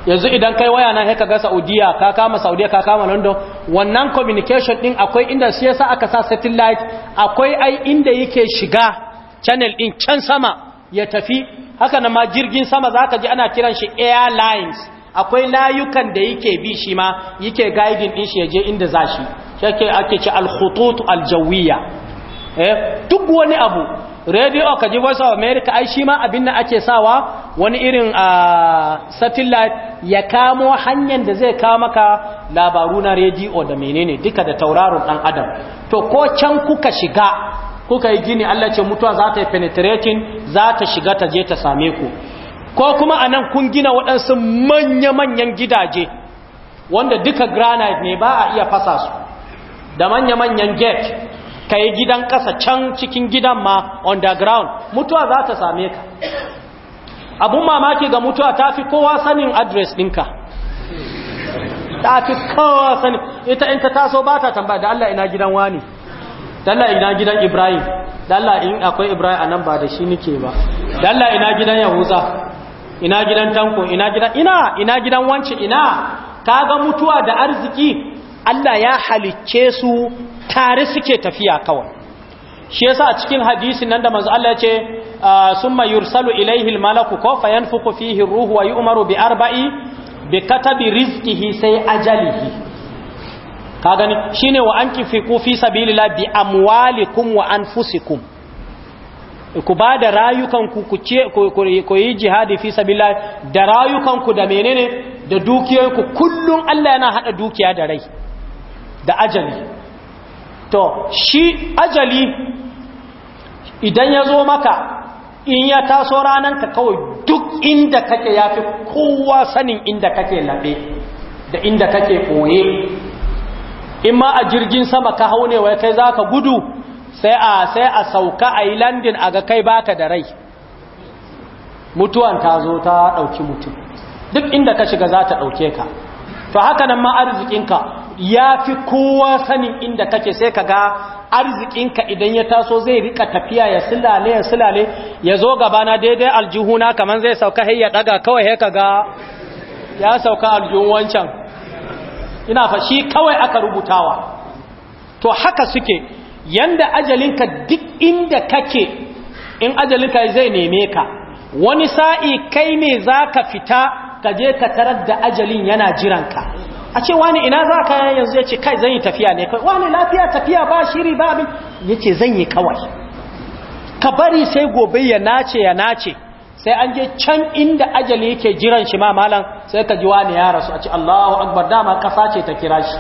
yanzu idan kai waya nan haka ga saudiya ka kama saudiya ka kama london wannan communication din akwai inda shi yasa aka sa satellite akwai ai inda yake shiga channel din can sama ya tafi haka na ma jirgin sama zaka ji ana kiran shi airlines akwai layukan da yake bi shi ma yake guiding din shi ya je inda za shi shi ake ce al-khutut al-jawiyya Eh, duk wani abu radio ka ji voice of america ai shi ma abin da ake sawa wani irin a ah, satellite ya kamo hanyar da zai kawo maka labaru na radio da menene duka da tauraron dan adam to ko can kuka shiga kuka yi gini Allah ce mutuwa za ta yi penetrating za ta shiga ta je ta same ku ko kuma a nan kun gina waɗansu manya-manyan gidaje wanda duka granite ne ba a iya fasa su da manya-manyan gate ka yi gidan ƙasa can cikin gidan ma underground mutuwa za ta same ka abun mamaki ga mutuwa ta fi kowa sanin adres ɗinka ta fi kowa sanin ita in ta taso ba ta tambaya da Allah ina gidan wani da Allah ina gidan Ibrahim da Allah in akwai Ibrahim a nan ba da shi nike ba da Allah ina gidan Yahuza ina gidan Tanko ina gidan ina ina gidan wance ina ga mutuwa da arziki Allah ya halicce su tare suke tafiya kawai shi yasa a cikin hadisi nan da manzo Allah ya ce ah, summa yursalu ilayhi almalaku ko fayanfuku fihi ruhu wa yu'maru bi arba'i bi katabi rizqihi sai ajalihi ka gani shine wa anfiqu fi sabilillah bi amwalikum wa anfusikum ku ba da rayukanku ku yi jihadi fi sabila da rayukanku da menene da dukiyoyinku kullum Allah yana hada dukiya da rai da ajali to shi ajali idan ya zo maka in ya taso ranar ka kawai duk inda kake ya fi kowa sanin inda kake labe da inda kake koye in ma a jirgin sama ka haune wai kai za ka gudu sai a sai a sauka a yi landin a ga kai baka da rai mutuwan ta zo ta ɗauki mutum duk inda ka shiga za ta ɗauke ka to haka nan ma arzikinka ya fi kowa sanin inda kake sai ka ga arzikinka idan ya taso zai rika tafiya ya silale ya silale ya zo gabana daidai aljihuna kamar zai sauka hai ya daga kawai ya ga ya sauka aljihun wancan ina fa shi kawai aka rubutawa to haka suke yanda ajalinka duk inda kake in ajalinka zai neme ka wani sa'i kai ne za ka fita ka je ka tarar da ajalin yana jiranka a ce wani ina za ka yanzu ya ce kai zan yi tafiya ne kai wani lafiya tafiya ba shiri ba abin ya ce zan yi kawai ka bari sai gobe ya nace ya nace sai an je can inda ajali yake jiran shi ma malam sai ka ji wani ya rasu a ce Allahu akbar dama kasa ce ta kira shi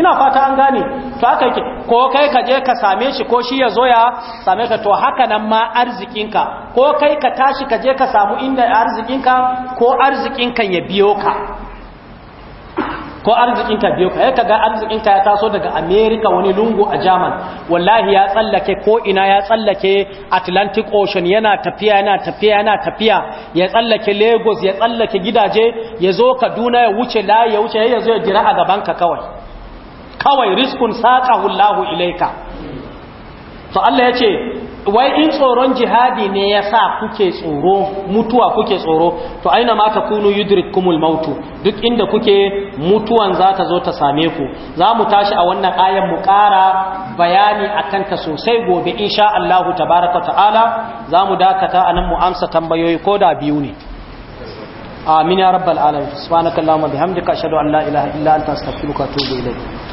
ina fata an gane to haka yake ko kai ka je ka same shi ko shi ya zo ya same ka to haka nan ma arzikinka ko kai ka tashi ka je ka samu inda arzikinka ko arzikin kan ya biyo ka ko arzikin biyo ka ka ga arzikinka ya taso daga America wani lungu a German wallahi ya tsallake ko ina ya tsallake Atlantic Ocean yana tafiya yana tafiya yana tafiya ya tsallake Lagos ya tsallake gidaje ya zo Kaduna ya wuce layi ya wuce ya zo ya jira a gaban ka kawai kawai riskun saƙa Allahu ilaika to Allah ya ce wai in tsoron jihadi ne ya sa kuke tsoro mutuwa kuke tsoro to aina ma ta kunu kumul mautu duk inda kuke mutuwan za ta zo ta same ku za mu tashi a wannan ayan mu ƙara bayani a kanta sosai gobe insha Allahu tabaraka ta'ala za mu dakata a nan mu amsa tambayoyi ko da biyu ne amin ya rabbal alamin subhanakallahumma bihamdika ashhadu an la ilaha illa anta astaghfiruka wa atubu ilayk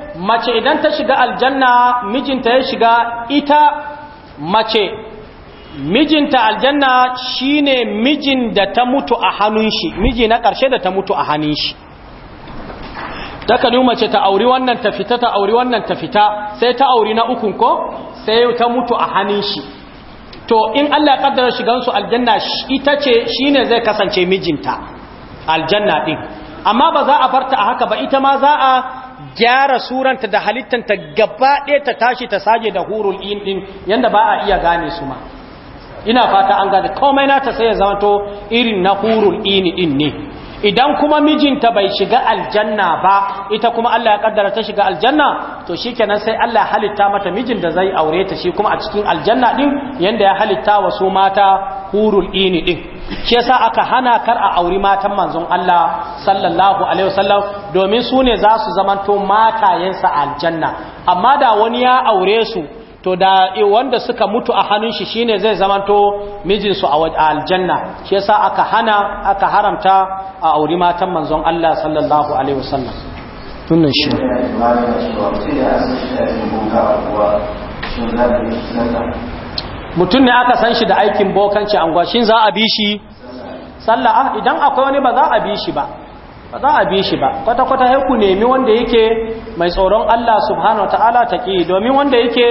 mace idan ta shiga aljanna mijinta ya shiga ita mace mijinta aljanna shine mijin da ta mutu a hannun shi miji na ƙarshe da ta mutu a hannun shi ta mace ta auri wannan ta fita ta auri wannan ta fita sai ta auri na ukun ko sai ta mutu a hannun shi to in Allah ya kaddara shigansu aljanna ita ce shine zai kasance mijinta aljanna din amma ba za a barta a haka ba ita ma za a gyara suranta da halittanta gaba ɗaya ta tashi ta saje da hurul ɗin yadda ba a iya gane su ma ina fata an gane komai na ta sai ya zamanto irin na hurul ini ɗin ne idan kuma mijinta bai shiga aljanna ba ita kuma Allah ya kaddara ta shiga aljanna to shikenan sai Allah ya halitta mata mijin da zai aure ta shi kuma a cikin aljanna ɗin yanda ya halitta wasu mata hurul ini ɗin Ke sa aka hana kar a auri matan manzon Allah sallallahu alaihi wasallam domin su ne za su zamanto matayensa a aljanna amma da wani ya aure su to da wanda suka mutu a hannun shi shine zai zamanto mijinsu a aljanna Ke sa aka hana aka haramta a auri matan manzon Allah sallallahu alaihi wasallam tunan shi shi mutum ne aka san shi da aikin bokanci angwashin za a bi shi sallah ah, idan akwai wani ba za a bi shi ba ba za a bi shi ba kwata-kwata ya ku nemi wanda yake mai tsoron Allah subhanahu ta'ala ta ƙi domin wanda yake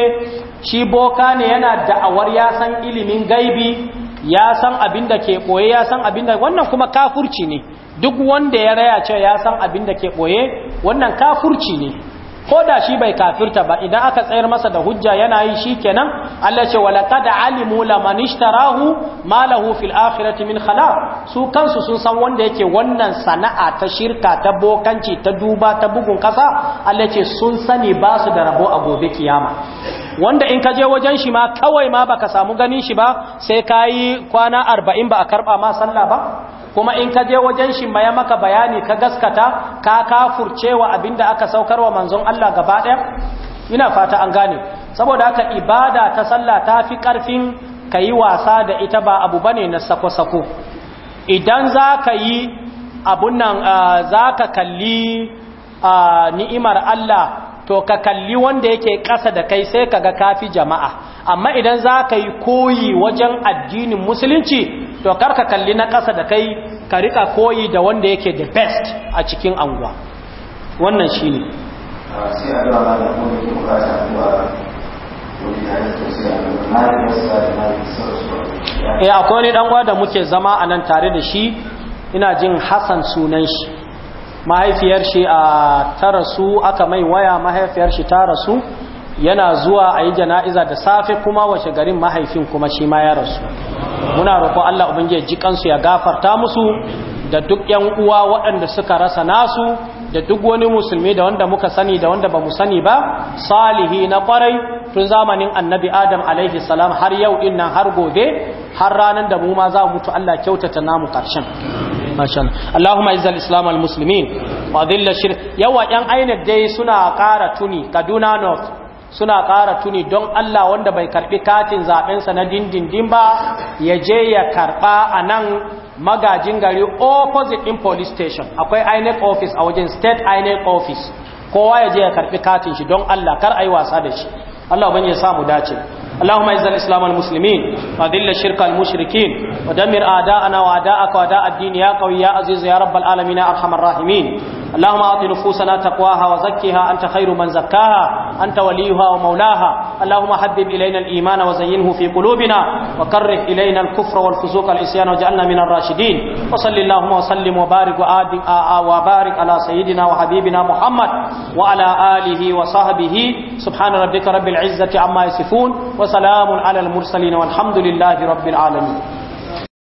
shi boka ne yana da'awar ya san ilimin gaibi ya san abin da ke ɓoye ya san abin da wannan kuma kafurci ne duk wanda ya raya cewa ya san abin da ke ɓoye wannan kafurci ne ko da shi bai kafirta ba idan aka tsayar masa da hujja yana yi shi kenan Allah ce da alimu laman ishtarahu ma lahu fil akhirati min su kansu sun san wanda yake wannan sana'a ta shirka ta bokanci ta duba ta bugun kasa Allah ce sun sani ba su da rabo a gobe kiyama wanda in ka je wajen shi ma kawai ma baka samu ganin shi ba sai kayi kwana 40 ba a karba ma sallah ba kuma in ka je wajen shi ya maka bayani ka gaskata ka kafurcewa abinda aka saukar wa manzon Allah gaba ɗaya ina fata an gane saboda haka ibada ta sallah ta fi ƙarfin ka yi wasa da ita ba abu bane na sako-sako idan za ka yi abun nan za ka kalli ni'imar Allah to ka kalli wanda yake ƙasa da kai sai ka ga kafi jama'a amma idan za ka yi koyi wajen addinin musulunci to kar ka kalli na ƙasa da kai ka riƙa koyi da wanda yake the best a cikin anguwa wannan shi ne eh, akwai wani uwa da muke zama a nan tare da shi ina jin hassan sunan shi mahaifiyar shi a su aka mai waya mahaifiyar shi su yana zuwa a yi jana'iza da safe kuma washe garin mahaifin kuma shi ma ya rasu muna roƙo Allah ubangiji ji kansu ya gafarta musu da duk yan uwa waɗanda suka rasa nasu da duk wani musulmi da wanda muka sani da wanda ba mu sani ba salihi na kwarai tun zamanin annabi adam alaihi salam har yau din har gobe har ranar da mu ma za mu mutu Allah kyautata namu karshen masha Allahumma izzal islam shirk yawa yan ainar dai suna ƙara tuni Kaduna North suna ƙara tuni don Allah wanda bai karbi katin zaben sa na dindindin ba ya je ya karɓa a nan magajin gari opposite in police station akwai INEC office a wajen state INEC office kowa ya je ya karɓi katin shi don Allah kar a yi wasa da shi Allah ban ya samu dace اللهم اعز الاسلام والمسلمين واذل الشرك المشركين ودمر اعداءنا واعداءك واعداء الدين يا قوي يا عزيز يا رب العالمين يا ارحم الراحمين اللهم اعط نفوسنا تقواها وزكها انت خير من زكاها انت وليها ومولاها اللهم حبب الينا الايمان وزينه في قلوبنا وكره الينا الكفر والفسوق والعصيان واجعلنا من الراشدين وصل اللهم وسلم وبارك وبارك على سيدنا وحبيبنا محمد وعلى اله وصحبه سبحان ربك رب العزه عما يصفون وسلام على المرسلين والحمد لله رب العالمين